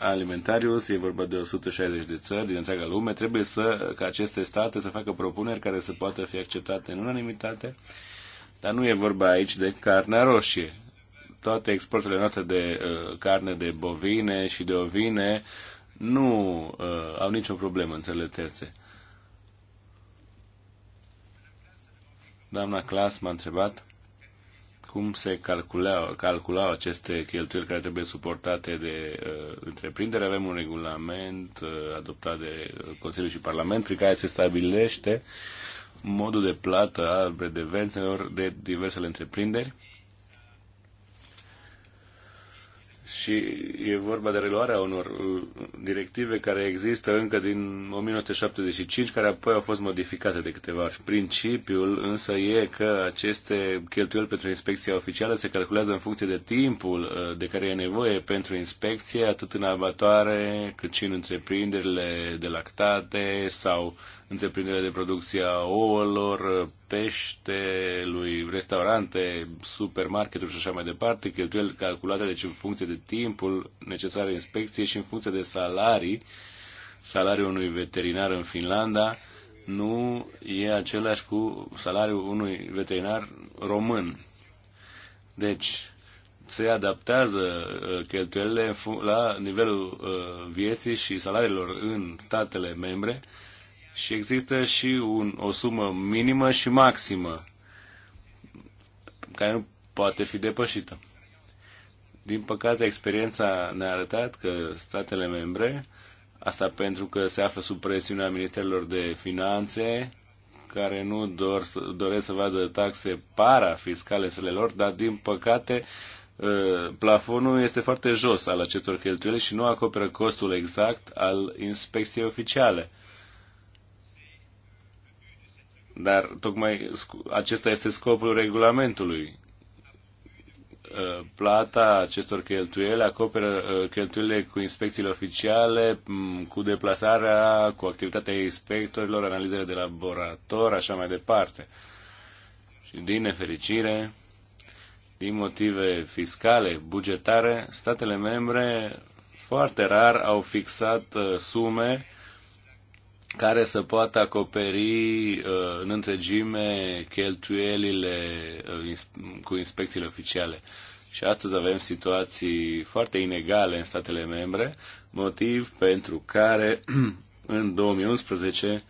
Alimentarius, e vorba de 160 de țări din întreaga lume, trebuie să, ca aceste state să facă propuneri care să poată fi acceptate în unanimitate, dar nu e vorba aici de carnea roșie. Toate exporturile noastre de uh, carne de bovine și de ovine nu uh, au nicio problemă în țările terțe. Doamna Clas m-a întrebat cum se calculau, calculau aceste cheltuieli care trebuie suportate de uh, întreprindere. Avem un regulament uh, adoptat de uh, Consiliul și Parlament prin care se stabilește modul de plată al redevențelor de diversele întreprinderi și e vorba de reluarea unor uh, directive care există încă din 1975, care apoi au fost modificate de câteva ori. Principiul însă e că aceste cheltuieli pentru inspecția oficială se calculează în funcție de timpul uh, de care e nevoie pentru inspecție, atât în abatoare cât și în întreprinderile de lactate sau întreprindere de producție a ouălor, lui restaurante, supermarketuri și așa mai departe, cheltuieli calculate deci în funcție de timpul necesar inspecției și în funcție de salarii. Salariul unui veterinar în Finlanda nu e același cu salariul unui veterinar român. Deci, se adaptează uh, cheltuielile la nivelul uh, vieții și salariilor în statele membre și există și un, o sumă minimă și maximă care nu poate fi depășită. Din păcate, experiența ne-a arătat că statele membre, asta pentru că se află sub presiunea Ministerilor de Finanțe, care nu dor, doresc să vadă taxe parafiscale sale lor, dar din păcate ă, plafonul este foarte jos al acestor cheltuieli și nu acoperă costul exact al inspecției oficiale. Dar tocmai acesta este scopul regulamentului. Uh, plata acestor cheltuieli acoperă uh, cheltuielile cu inspecțiile oficiale, mm, cu deplasarea, cu activitatea inspectorilor, analizele de laborator, așa mai departe. Și din nefericire, din motive fiscale, bugetare, statele membre foarte rar au fixat uh, sume care să poată acoperi uh, în întregime cheltuielile uh, cu inspecțiile oficiale. Și astăzi avem situații foarte inegale în statele membre, motiv pentru care (clears throat) în 2011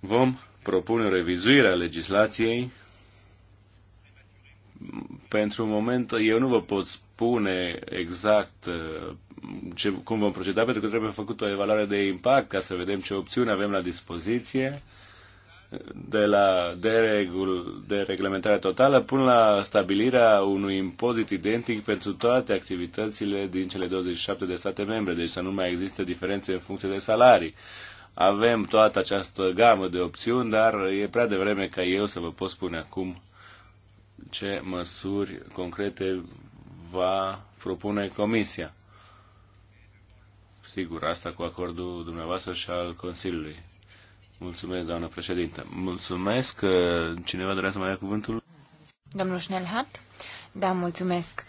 vom propune o revizuire a legislației. Pentru un moment eu nu vă pot spune exact uh, ce, cum vom proceda, pentru că trebuie făcut o evaluare de impact ca să vedem ce opțiuni avem la dispoziție de la deregul, de reglementare totală până la stabilirea unui impozit identic pentru toate activitățile din cele 27 de state membre, deci să nu mai există diferențe în funcție de salarii. Avem toată această gamă de opțiuni, dar e prea devreme ca eu să vă pot spune acum ce măsuri concrete va propune Comisia sigur, asta cu acordul dumneavoastră și al Consiliului. Mulțumesc, doamnă președinte. Mulțumesc. Cineva dorea să mai ia cuvântul? Domnul Schnellhardt? Da, mulțumesc.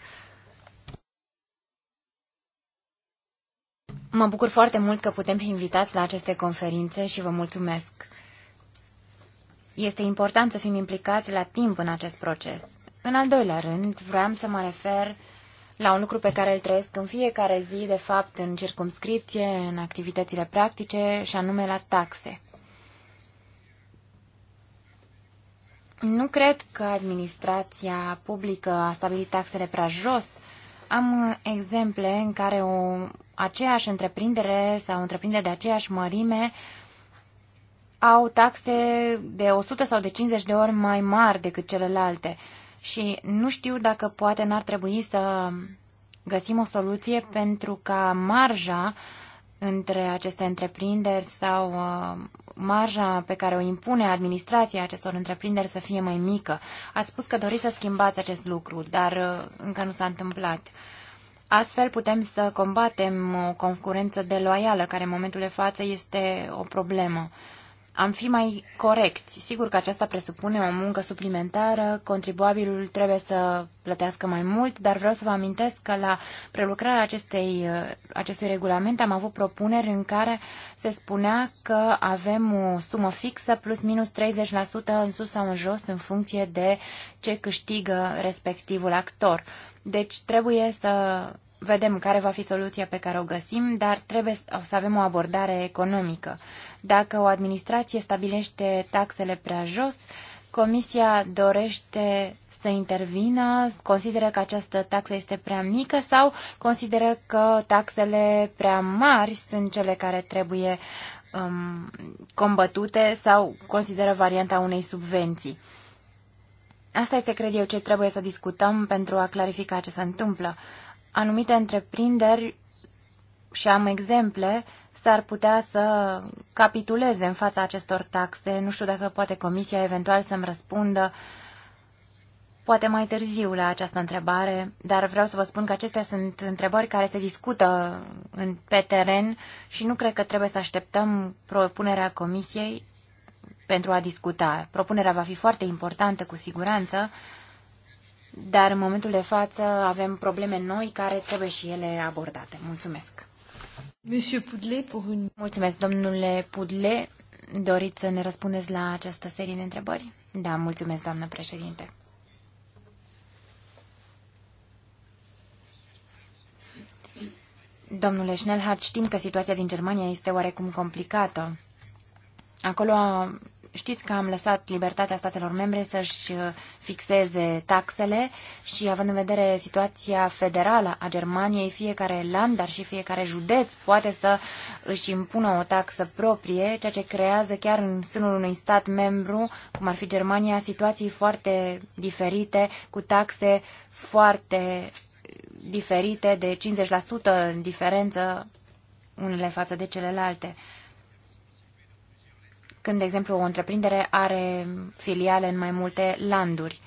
Mă bucur foarte mult că putem fi invitați la aceste conferințe și vă mulțumesc. Este important să fim implicați la timp în acest proces. În al doilea rând, vreau să mă refer la un lucru pe care îl trăiesc în fiecare zi, de fapt, în circumscripție, în activitățile practice, și anume la taxe. Nu cred că administrația publică a stabilit taxele prea jos. Am exemple în care o aceeași întreprindere sau întreprindere de aceeași mărime au taxe de 100 sau de 50 de ori mai mari decât celelalte și nu știu dacă poate n-ar trebui să găsim o soluție pentru ca marja între aceste întreprinderi sau uh, marja pe care o impune administrația acestor întreprinderi să fie mai mică. Ați spus că doriți să schimbați acest lucru, dar uh, încă nu s-a întâmplat. Astfel putem să combatem o concurență deloială, care în momentul de față este o problemă. Uh, am fi mai corecți. Sigur că aceasta presupune o muncă suplimentară, contribuabilul trebuie să plătească mai mult, dar vreau să vă amintesc că la prelucrarea acestei, acestui regulament am avut propuneri în care se spunea că avem o sumă fixă plus minus 30% în sus sau în jos în funcție de ce câștigă respectivul actor. Deci trebuie să vedem care va fi soluția pe care o găsim, dar trebuie să avem o abordare economică. Dacă o administrație stabilește taxele prea jos, Comisia dorește să intervină, consideră că această taxă este prea mică sau consideră că taxele prea mari sunt cele care trebuie um, combătute sau consideră varianta unei subvenții. Asta este, cred eu, ce trebuie să discutăm pentru a clarifica ce se întâmplă anumite întreprinderi, și am exemple, s-ar putea să capituleze în fața acestor taxe. Nu știu dacă poate Comisia eventual să-mi răspundă poate mai târziu la această întrebare, dar vreau să vă spun că acestea sunt întrebări care se discută în, pe teren și nu cred că trebuie să așteptăm propunerea Comisiei pentru a discuta. Propunerea va fi foarte importantă, cu siguranță, dar în momentul de față avem probleme noi care trebuie și ele abordate. Mulțumesc! Monsieur Pudle, Mulțumesc, domnule Pudle. Doriți să ne răspundeți la această serie de întrebări? Da, mulțumesc, doamnă președinte. Domnule Schnellhardt, știm că situația din Germania este oarecum complicată. Acolo Știți că am lăsat libertatea statelor membre să-și uh, fixeze taxele și având în vedere situația federală a Germaniei, fiecare land, dar și fiecare județ poate să își impună o taxă proprie, ceea ce creează chiar în sânul unui stat membru, cum ar fi Germania, situații foarte diferite, cu taxe foarte diferite, de 50% în diferență unele față de celelalte când, de exemplu, o întreprindere are filiale în mai multe landuri.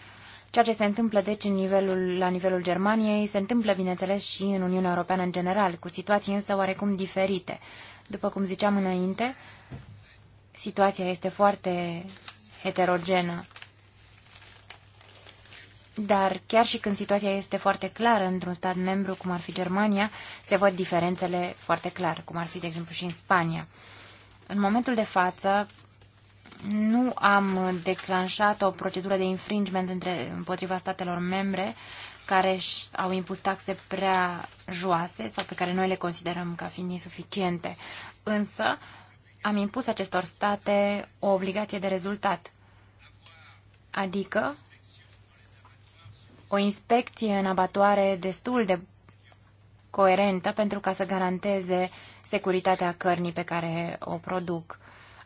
Ceea ce se întâmplă, deci, în nivelul, la nivelul Germaniei, se întâmplă, bineînțeles, și în Uniunea Europeană în general, cu situații însă oarecum diferite. După cum ziceam înainte, situația este foarte heterogenă. Dar chiar și când situația este foarte clară într-un stat membru, cum ar fi Germania, se văd diferențele foarte clar, cum ar fi, de exemplu, și în Spania. În momentul de față, nu am declanșat o procedură de infringement între, împotriva statelor membre care au impus taxe prea joase sau pe care noi le considerăm ca fiind insuficiente. Însă am impus acestor state o obligație de rezultat, adică o inspecție în abatoare destul de coerentă pentru ca să garanteze securitatea cărnii pe care o produc.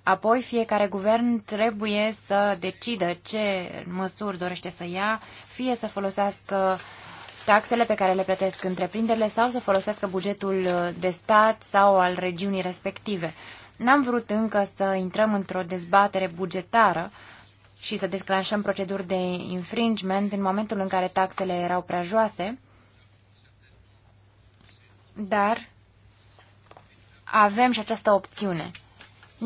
Apoi, fiecare guvern trebuie să decidă ce măsuri dorește să ia, fie să folosească taxele pe care le plătesc întreprinderile sau să folosească bugetul de stat sau al regiunii respective. N-am vrut încă să intrăm într-o dezbatere bugetară și să declanșăm proceduri de infringement în momentul în care taxele erau prea joase, dar avem și această opțiune.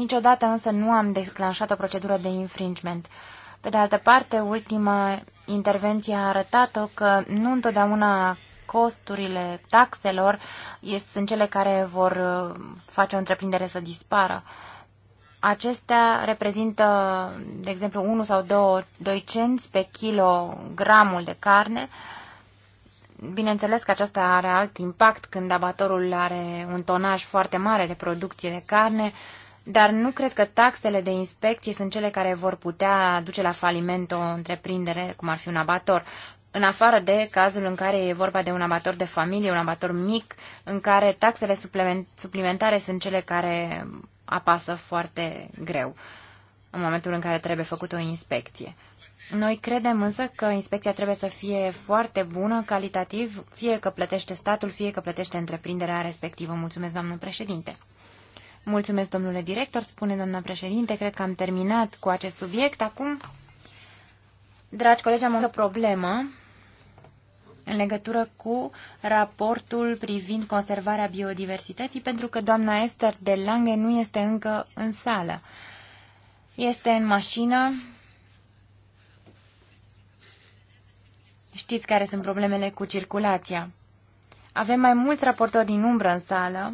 Niciodată însă nu am declanșat o procedură de infringement. Pe de altă parte, ultima intervenție a arătat că nu întotdeauna costurile taxelor sunt cele care vor uh, face o întreprindere să dispară. Acestea reprezintă, de exemplu, 1 sau 2, 2 cenți pe kilogramul de carne. Bineînțeles că aceasta are alt impact când abatorul are un tonaj foarte mare de producție de carne, dar nu cred că taxele de inspecție sunt cele care vor putea duce la faliment o întreprindere, cum ar fi un abator în afară de cazul în care e vorba de un amator de familie, un amator mic, în care taxele suplimentare sunt cele care apasă foarte greu în momentul în care trebuie făcută o inspecție. Noi credem însă că inspecția trebuie să fie foarte bună, calitativ, fie că plătește statul, fie că plătește întreprinderea respectivă. Mulțumesc, doamnă președinte. Mulțumesc, domnule director, spune doamna președinte. Cred că am terminat cu acest subiect. Acum, dragi colegi, am o problemă în legătură cu raportul privind conservarea biodiversității, pentru că doamna Esther de Lange nu este încă în sală. Este în mașină. Știți care sunt problemele cu circulația. Avem mai mulți raportori din umbră în sală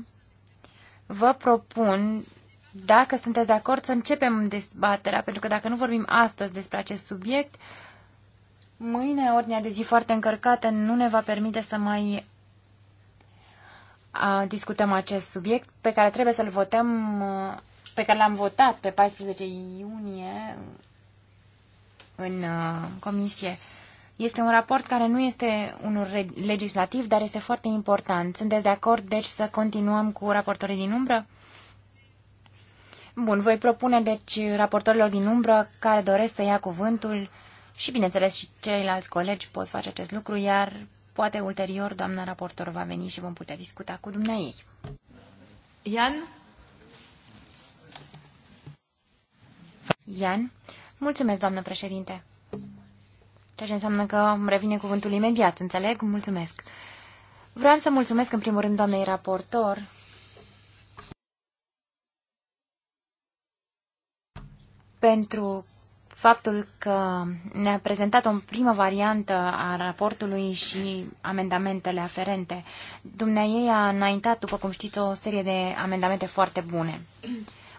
vă propun, dacă sunteți de acord, să începem dezbaterea, pentru că dacă nu vorbim astăzi despre acest subiect, mâine ordinea de zi foarte încărcată nu ne va permite să mai discutăm acest subiect pe care trebuie să-l votăm, pe care l-am votat pe 14 iunie în comisie. Este un raport care nu este unul legislativ, dar este foarte important. Sunteți de acord, deci, să continuăm cu raportorii din umbră? Bun, voi propune, deci, raportorilor din umbră care doresc să ia cuvântul și, bineînțeles, și ceilalți colegi pot face acest lucru, iar poate ulterior doamna raportor va veni și vom putea discuta cu dumneai. Ian? Ian? Mulțumesc, doamnă președinte. Ceea ce înseamnă că îmi revine cuvântul imediat, înțeleg? Mulțumesc. Vreau să mulțumesc în primul rând doamnei raportor pentru faptul că ne-a prezentat o primă variantă a raportului și amendamentele aferente. Dumnea ei a înaintat, după cum știți, o serie de amendamente foarte bune.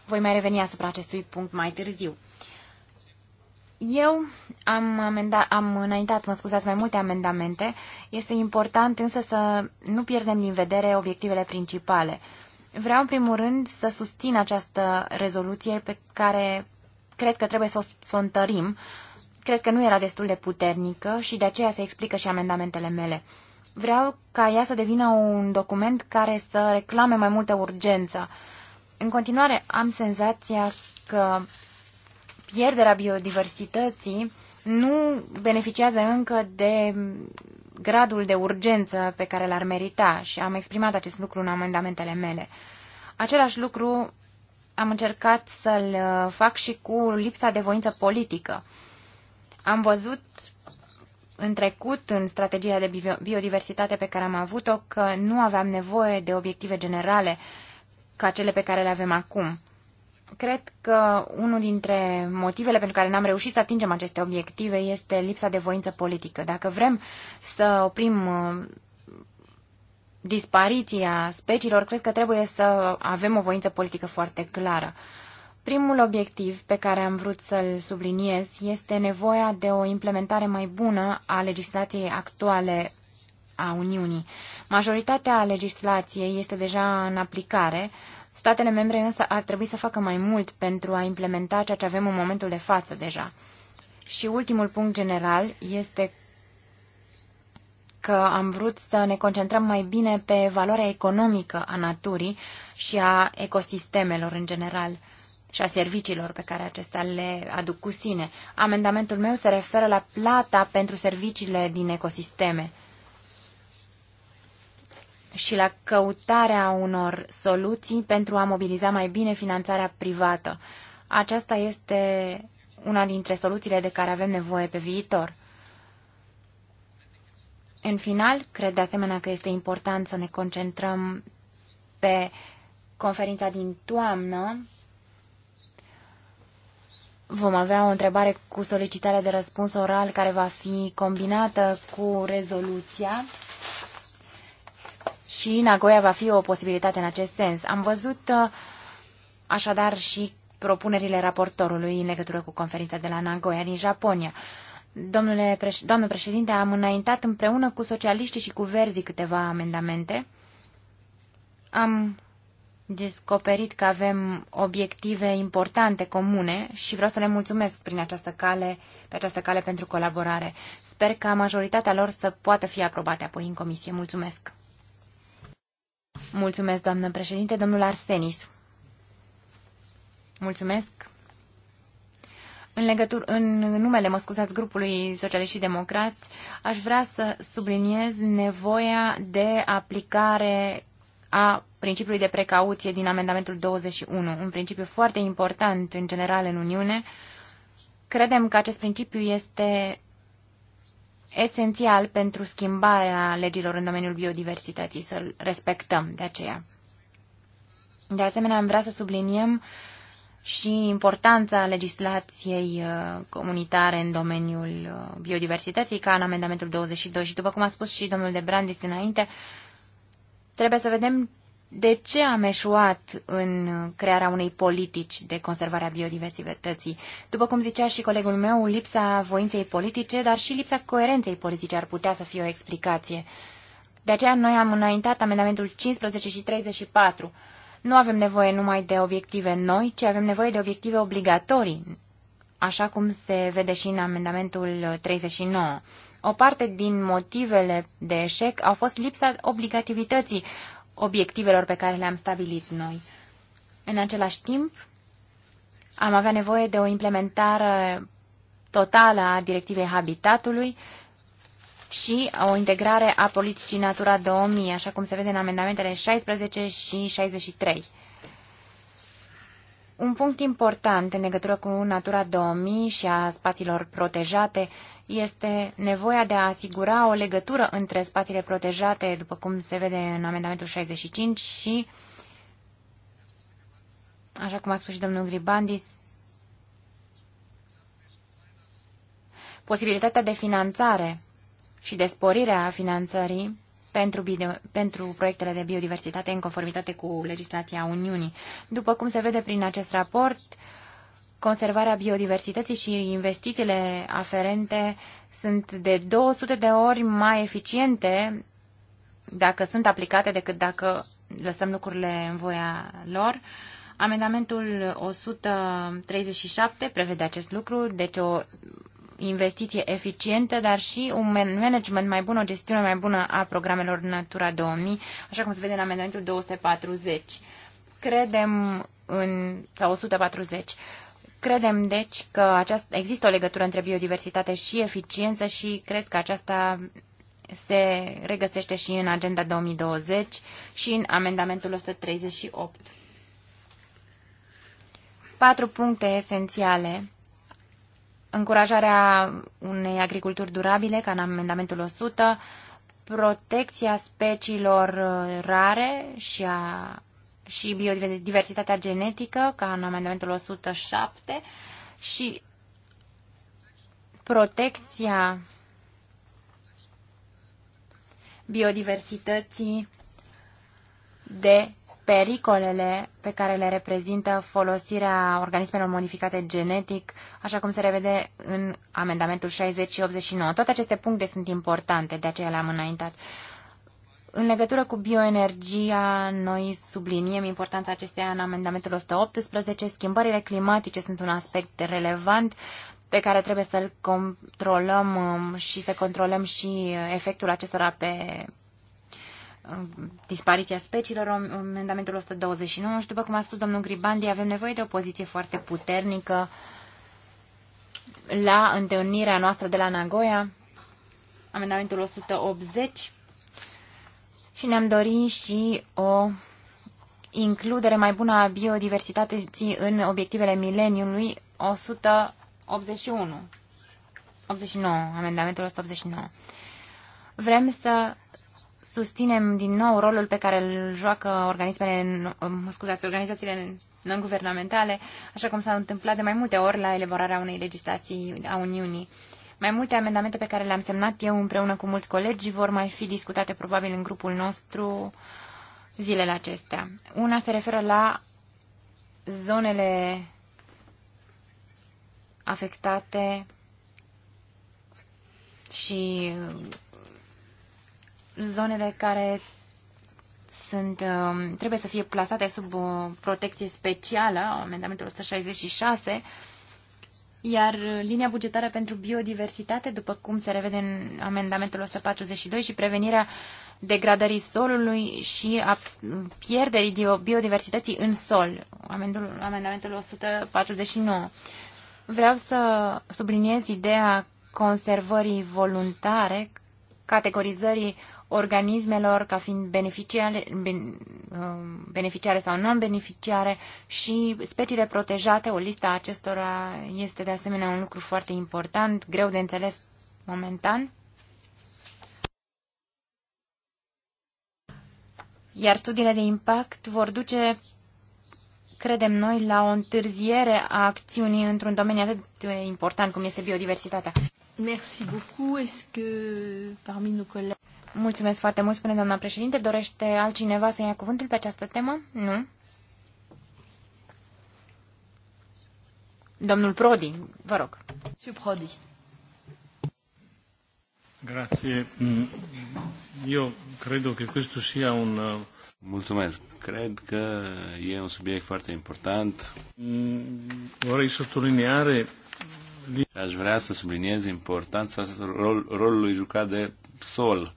Voi mai reveni asupra acestui punct mai târziu. Eu am, amenda, am înaintat, mă scuzați, mai multe amendamente. Este important însă să nu pierdem din vedere obiectivele principale. Vreau, în primul rând, să susțin această rezoluție pe care cred că trebuie să o, să o întărim. Cred că nu era destul de puternică și de aceea se explică și amendamentele mele. Vreau ca ea să devină un document care să reclame mai multă urgență. În continuare, am senzația că pierderea biodiversității nu beneficiază încă de gradul de urgență pe care l-ar merita și am exprimat acest lucru în amendamentele mele. Același lucru am încercat să-l uh, fac și cu lipsa de voință politică. Am văzut în trecut, în strategia de biodiversitate pe care am avut-o, că nu aveam nevoie de obiective generale ca cele pe care le avem acum. Cred că unul dintre motivele pentru care n-am reușit să atingem aceste obiective este lipsa de voință politică. Dacă vrem să oprim uh, dispariția speciilor, cred că trebuie să avem o voință politică foarte clară. Primul obiectiv pe care am vrut să-l subliniez este nevoia de o implementare mai bună a legislației actuale a Uniunii. Majoritatea legislației este deja în aplicare, Statele membre însă ar trebui să facă mai mult pentru a implementa ceea ce avem în momentul de față deja. Și ultimul punct general este că am vrut să ne concentrăm mai bine pe valoarea economică a naturii și a ecosistemelor în general și a serviciilor pe care acestea le aduc cu sine. Amendamentul meu se referă la plata pentru serviciile din ecosisteme și la căutarea unor soluții pentru a mobiliza mai bine finanțarea privată. Aceasta este una dintre soluțiile de care avem nevoie pe viitor. În final, cred de asemenea că este important să ne concentrăm pe conferința din toamnă. Vom avea o întrebare cu solicitare de răspuns oral care va fi combinată cu rezoluția și Nagoya va fi o posibilitate în acest sens. Am văzut uh, așadar și propunerile raportorului în legătură cu conferința de la Nagoya din Japonia. Domnule preș- doamnă președinte, am înaintat împreună cu socialiștii și cu verzii câteva amendamente. Am descoperit că avem obiective importante comune și vreau să le mulțumesc prin această cale, pe această cale pentru colaborare. Sper ca majoritatea lor să poată fi aprobate apoi în comisie. Mulțumesc! Mulțumesc, doamnă președinte. Domnul Arsenis. Mulțumesc. În, legătur, în numele, mă scuzați, grupului Socialiști și Democrați, aș vrea să subliniez nevoia de aplicare a principiului de precauție din amendamentul 21, un principiu foarte important în general în Uniune. Credem că acest principiu este esențial pentru schimbarea legilor în domeniul biodiversității, să-l respectăm de aceea. De asemenea, am vrea să subliniem și importanța legislației uh, comunitare în domeniul uh, biodiversității, ca în amendamentul 22. Și după cum a spus și domnul de Brandis înainte, trebuie să vedem de ce am eșuat în crearea unei politici de conservare a biodiversității? După cum zicea și colegul meu, lipsa voinței politice, dar și lipsa coerenței politice ar putea să fie o explicație. De aceea noi am înaintat amendamentul 15 și 34. Nu avem nevoie numai de obiective noi, ci avem nevoie de obiective obligatorii, așa cum se vede și în amendamentul 39. O parte din motivele de eșec au fost lipsa obligativității obiectivelor pe care le-am stabilit noi. În același timp, am avea nevoie de o implementare totală a directivei habitatului și o integrare a politicii Natura 2000, așa cum se vede în amendamentele 16 și 63. Un punct important în legătură cu Natura 2000 și a spațiilor protejate este nevoia de a asigura o legătură între spațiile protejate, după cum se vede în amendamentul 65 și, așa cum a spus și domnul Gribandis, posibilitatea de finanțare și de sporire a finanțării pentru, bio, pentru proiectele de biodiversitate în conformitate cu legislația Uniunii. După cum se vede prin acest raport, uh, conservarea biodiversității și investițiile aferente sunt de 200 de ori mai eficiente dacă sunt aplicate decât dacă lăsăm lucrurile în voia lor. Amendamentul 137 prevede acest lucru, deci o investiție eficientă, dar și un management mai bun, o gestiune mai bună a programelor Natura 2000, așa cum se vede în amendamentul 240. Credem în, sau 140. Credem, deci, că aceast- există o legătură între biodiversitate și eficiență și cred că aceasta se regăsește și în Agenda 2020 și în amendamentul 138. Patru puncte esențiale. Încurajarea unei agriculturi durabile, ca în amendamentul 100, protecția speciilor uh, rare și a și biodiversitatea genetică, ca în amendamentul 107, și protecția biodiversității de pericolele pe care le reprezintă folosirea organismelor modificate genetic, așa cum se revede în amendamentul 60 și 89. Toate aceste puncte sunt importante, de aceea le-am înaintat. În legătură cu bioenergia, noi subliniem importanța acesteia în amendamentul 118. Schimbările climatice sunt un aspect relevant pe care trebuie să-l controlăm um, și să controlăm și efectul acestora pe um, dispariția speciilor, amendamentul 129 și după cum a spus domnul Gribandi, avem nevoie de o poziție foarte puternică la întâlnirea noastră de la Nagoya, amendamentul 180 și ne-am dorit și o includere mai bună a biodiversității în obiectivele mileniului 181. 89, amendamentul 189. Vrem să susținem din nou rolul pe care îl joacă organismele, um, scuzați, organizațiile non-guvernamentale, așa cum s-a întâmplat de mai multe ori la elaborarea unei legislații a Uniunii. Mai multe amendamente pe care le-am semnat eu împreună cu mulți colegi vor mai fi discutate probabil în grupul nostru zilele acestea. Una se referă la zonele afectate și uh, zonele care sunt, um, trebuie să fie plasate sub uh, protecție specială, amendamentul 166, iar uh, linia bugetară pentru biodiversitate, după cum se revede în amendamentul 142 și prevenirea degradării solului și a pierderii biodiversității în sol, amendamentul 149. Vreau să subliniez ideea conservării voluntare, categorizării organismelor ca fiind beneficiare, ben, um, beneficiare sau non-beneficiare și speciile protejate, o listă a acestora este de asemenea un lucru foarte important, greu de înțeles momentan. Iar studiile de impact vor duce credem noi, la o întârziere a acțiunii într-un domeniu atât de important cum este biodiversitatea. Merci beaucoup. Est-ce que parmi nos collègues... Mulțumesc foarte mult, spune doamna președinte. Dorește altcineva să ia cuvântul pe această temă? Nu? Domnul Prodi, vă rog. Monsieur Prodi. Grazie. Eu cred că acesta sia un... Uh, Mulțumesc. Cred că e un subiect foarte important. Vorrei mm, sottolineare... Aș vrea să subliniez importanța rol, rolului jucat de sol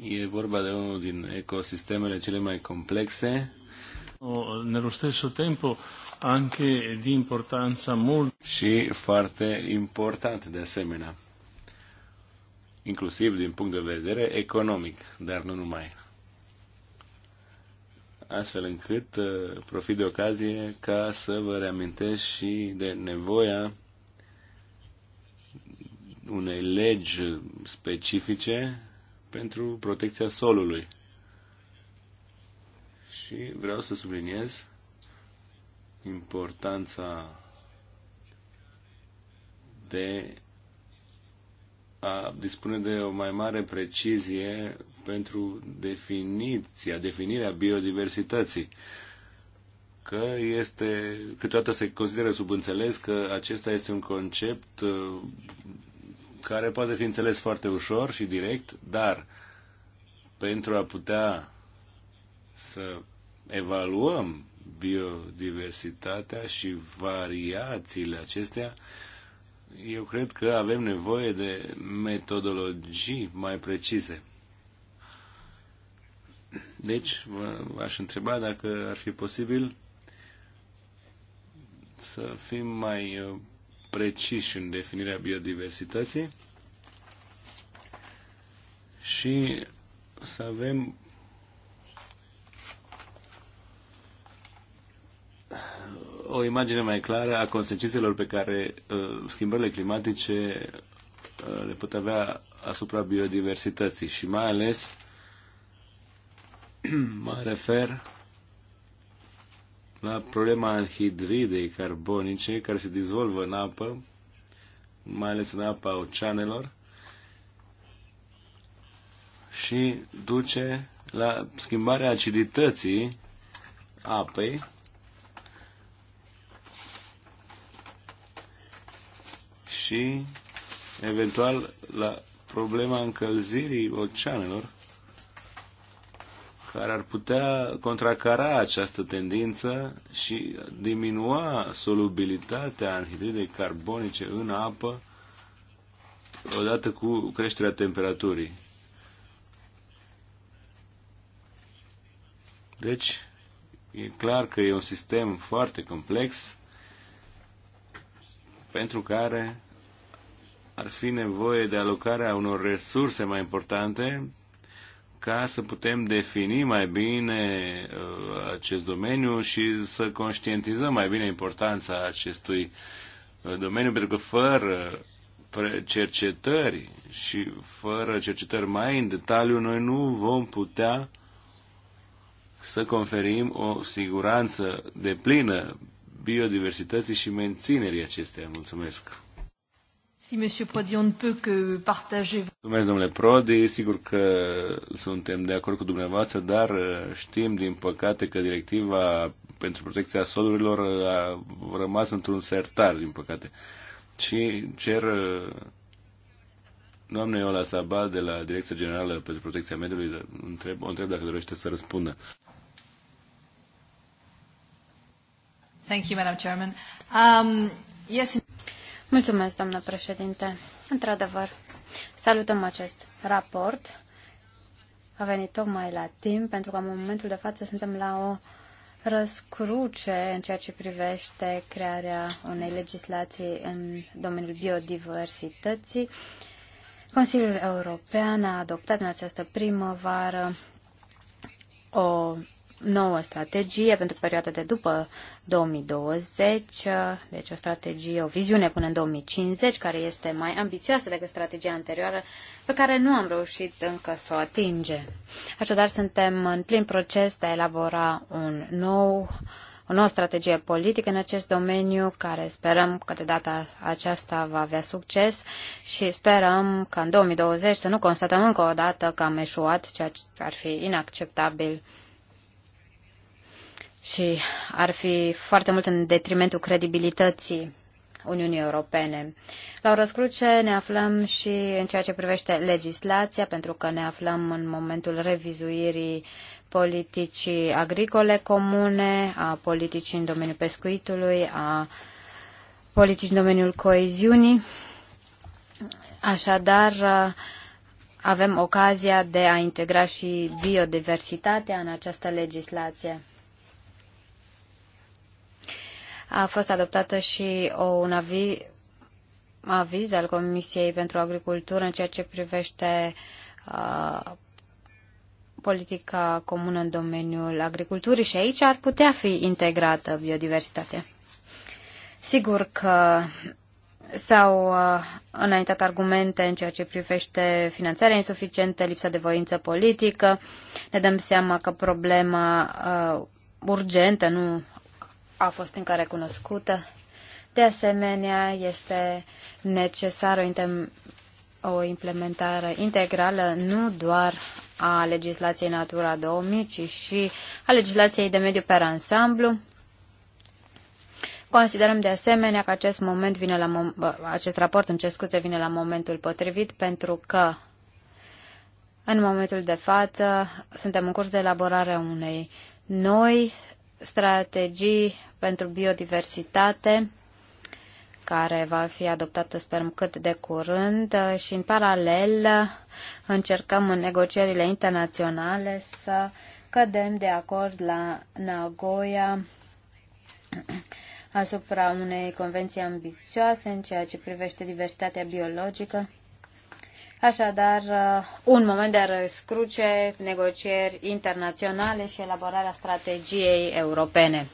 E vorba de unul din ecosistemele cele mai complexe. Nello stesso tempo anche di importanza mult și foarte important de asemenea, inclusiv din punct de vedere economic, dar nu numai. Astfel încât uh, profit de ocazie ca să vă reamintesc și de nevoia unei legi specifice pentru protecția solului. Și vreau să subliniez importanța de a dispune de o mai mare precizie pentru definiția, definirea biodiversității. Că este, câteodată se consideră subînțeles că acesta este un concept care poate fi înțeles foarte ușor și direct, dar pentru a putea să evaluăm biodiversitatea și variațiile acestea, eu cred că avem nevoie de metodologii mai precise. Deci, aș întreba dacă ar fi posibil să fim mai precis în definirea biodiversității și să avem o imagine mai clară a consecințelor pe care uh, schimbările climatice uh, le pot avea asupra biodiversității și mai ales (clears throat) mă refer la problema anhidridei carbonice care se dizolvă în apă, mai ales în apa oceanelor, și duce la schimbarea acidității apei, și eventual la problema încălzirii oceanelor care ar putea contracara această tendință și diminua solubilitatea anhidridei carbonice în apă odată cu creșterea temperaturii. Deci, e clar că e un sistem foarte complex pentru care ar fi nevoie de alocarea unor resurse mai importante ca să putem defini mai bine uh, acest domeniu și să conștientizăm mai bine importanța acestui uh, domeniu, pentru că fără cercetări și fără cercetări mai în detaliu, noi nu vom putea să conferim o siguranță deplină biodiversității și menținerii acesteia. Mulțumesc! domnule Prodi, sigur că suntem de acord cu dumneavoastră, dar uh, știm, din păcate, că directiva pentru protecția solurilor uh, a rămas într-un sertar, din păcate. Și cer uh, doamnei Ola Saba de la Direcția Generală pentru Protecția Mediului, întreb, o întreb dacă dorește să răspundă. Thank you, Madam Chairman. Um, yes, Mulțumesc, doamnă președinte. Într-adevăr, salutăm acest raport. A venit tocmai la timp, pentru că în momentul de față suntem la o răscruce în ceea ce privește crearea unei legislații în domeniul biodiversității. Consiliul European a adoptat în această primăvară o nouă strategie pentru perioada de după 2020, deci o strategie, o viziune până în 2050, care este mai ambițioasă decât strategia anterioară, pe care nu am reușit încă să o atinge. Așadar, suntem în plin proces de a elabora un nou, o nouă strategie politică în acest domeniu, care sperăm că de data aceasta va avea succes și sperăm că în 2020 să nu constatăm încă o dată că am eșuat, ceea ce ar fi inacceptabil și ar fi foarte mult în detrimentul credibilității Uniunii Europene. La o răscruce ne aflăm și în ceea ce privește legislația, pentru că ne aflăm în momentul revizuirii politicii agricole comune, a politicii în domeniul pescuitului, a politicii în domeniul coeziunii. Așadar, avem ocazia de a integra și biodiversitatea în această legislație a fost adoptată și o, un aviz, aviz al Comisiei pentru Agricultură în ceea ce privește uh, politica comună în domeniul agriculturii și aici ar putea fi integrată biodiversitatea. Sigur că s-au uh, înaintat argumente în ceea ce privește finanțarea insuficientă, lipsa de voință politică. Ne dăm seama că problema uh, urgentă nu a fost încă recunoscută. De asemenea, este necesară o implementare integrală nu doar a legislației Natura 2000, ci și a legislației de mediu pe ansamblu. Considerăm de asemenea că acest, moment vine la acest raport în cescuțe vine la momentul potrivit pentru că în momentul de față suntem în curs de elaborare a unei noi strategii pentru biodiversitate care va fi adoptată, sperăm, cât de curând și, în paralel, încercăm în negocierile internaționale să cădem de acord la Nagoya asupra unei convenții ambițioase în ceea ce privește diversitatea biologică Așadar, uh, un moment de răscruce, negocieri internaționale și elaborarea strategiei europene.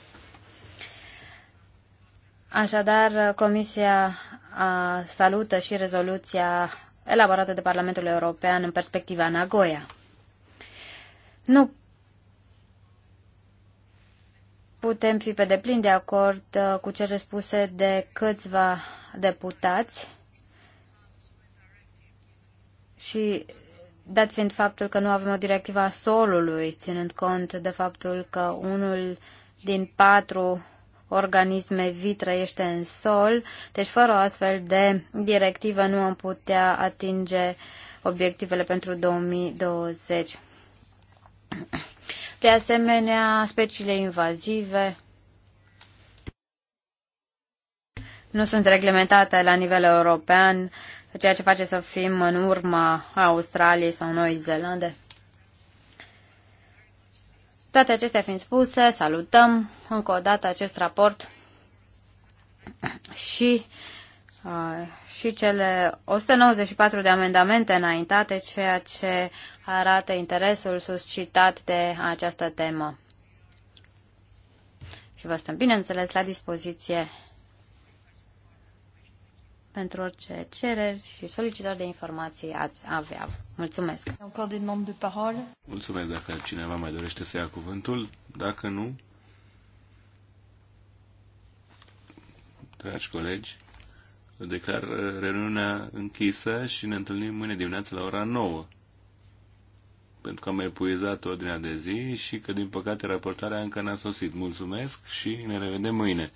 Așadar, uh, Comisia uh, salută și rezoluția elaborată de Parlamentul European în perspectiva Nagoya. Nu putem fi pe deplin de acord cu cele spuse de câțiva deputați și dat fiind faptul că nu avem o directivă a solului, ținând cont de faptul că unul din patru organisme vii trăiește în sol, deci fără o astfel de directivă nu am putea atinge obiectivele pentru 2020. De asemenea, speciile invazive nu sunt reglementate la nivel european, ceea ce face să fim în urma Australiei sau Noi Zeelande. Toate acestea fiind spuse, salutăm încă o dată acest raport (clears throat) și, uh, și cele 194 de amendamente înaintate, ceea ce arată interesul suscitat de această temă. Și vă stăm, bineînțeles, la dispoziție pentru orice cereri și solicitări de informații ați avea. Mulțumesc! Mulțumesc dacă cineva mai dorește să ia cuvântul. Dacă nu, dragi colegi, declar reuniunea închisă și ne întâlnim mâine dimineață la ora 9 pentru că am epuizat ordinea de zi și că, din păcate, raportarea încă n-a sosit. Mulțumesc și ne revedem mâine.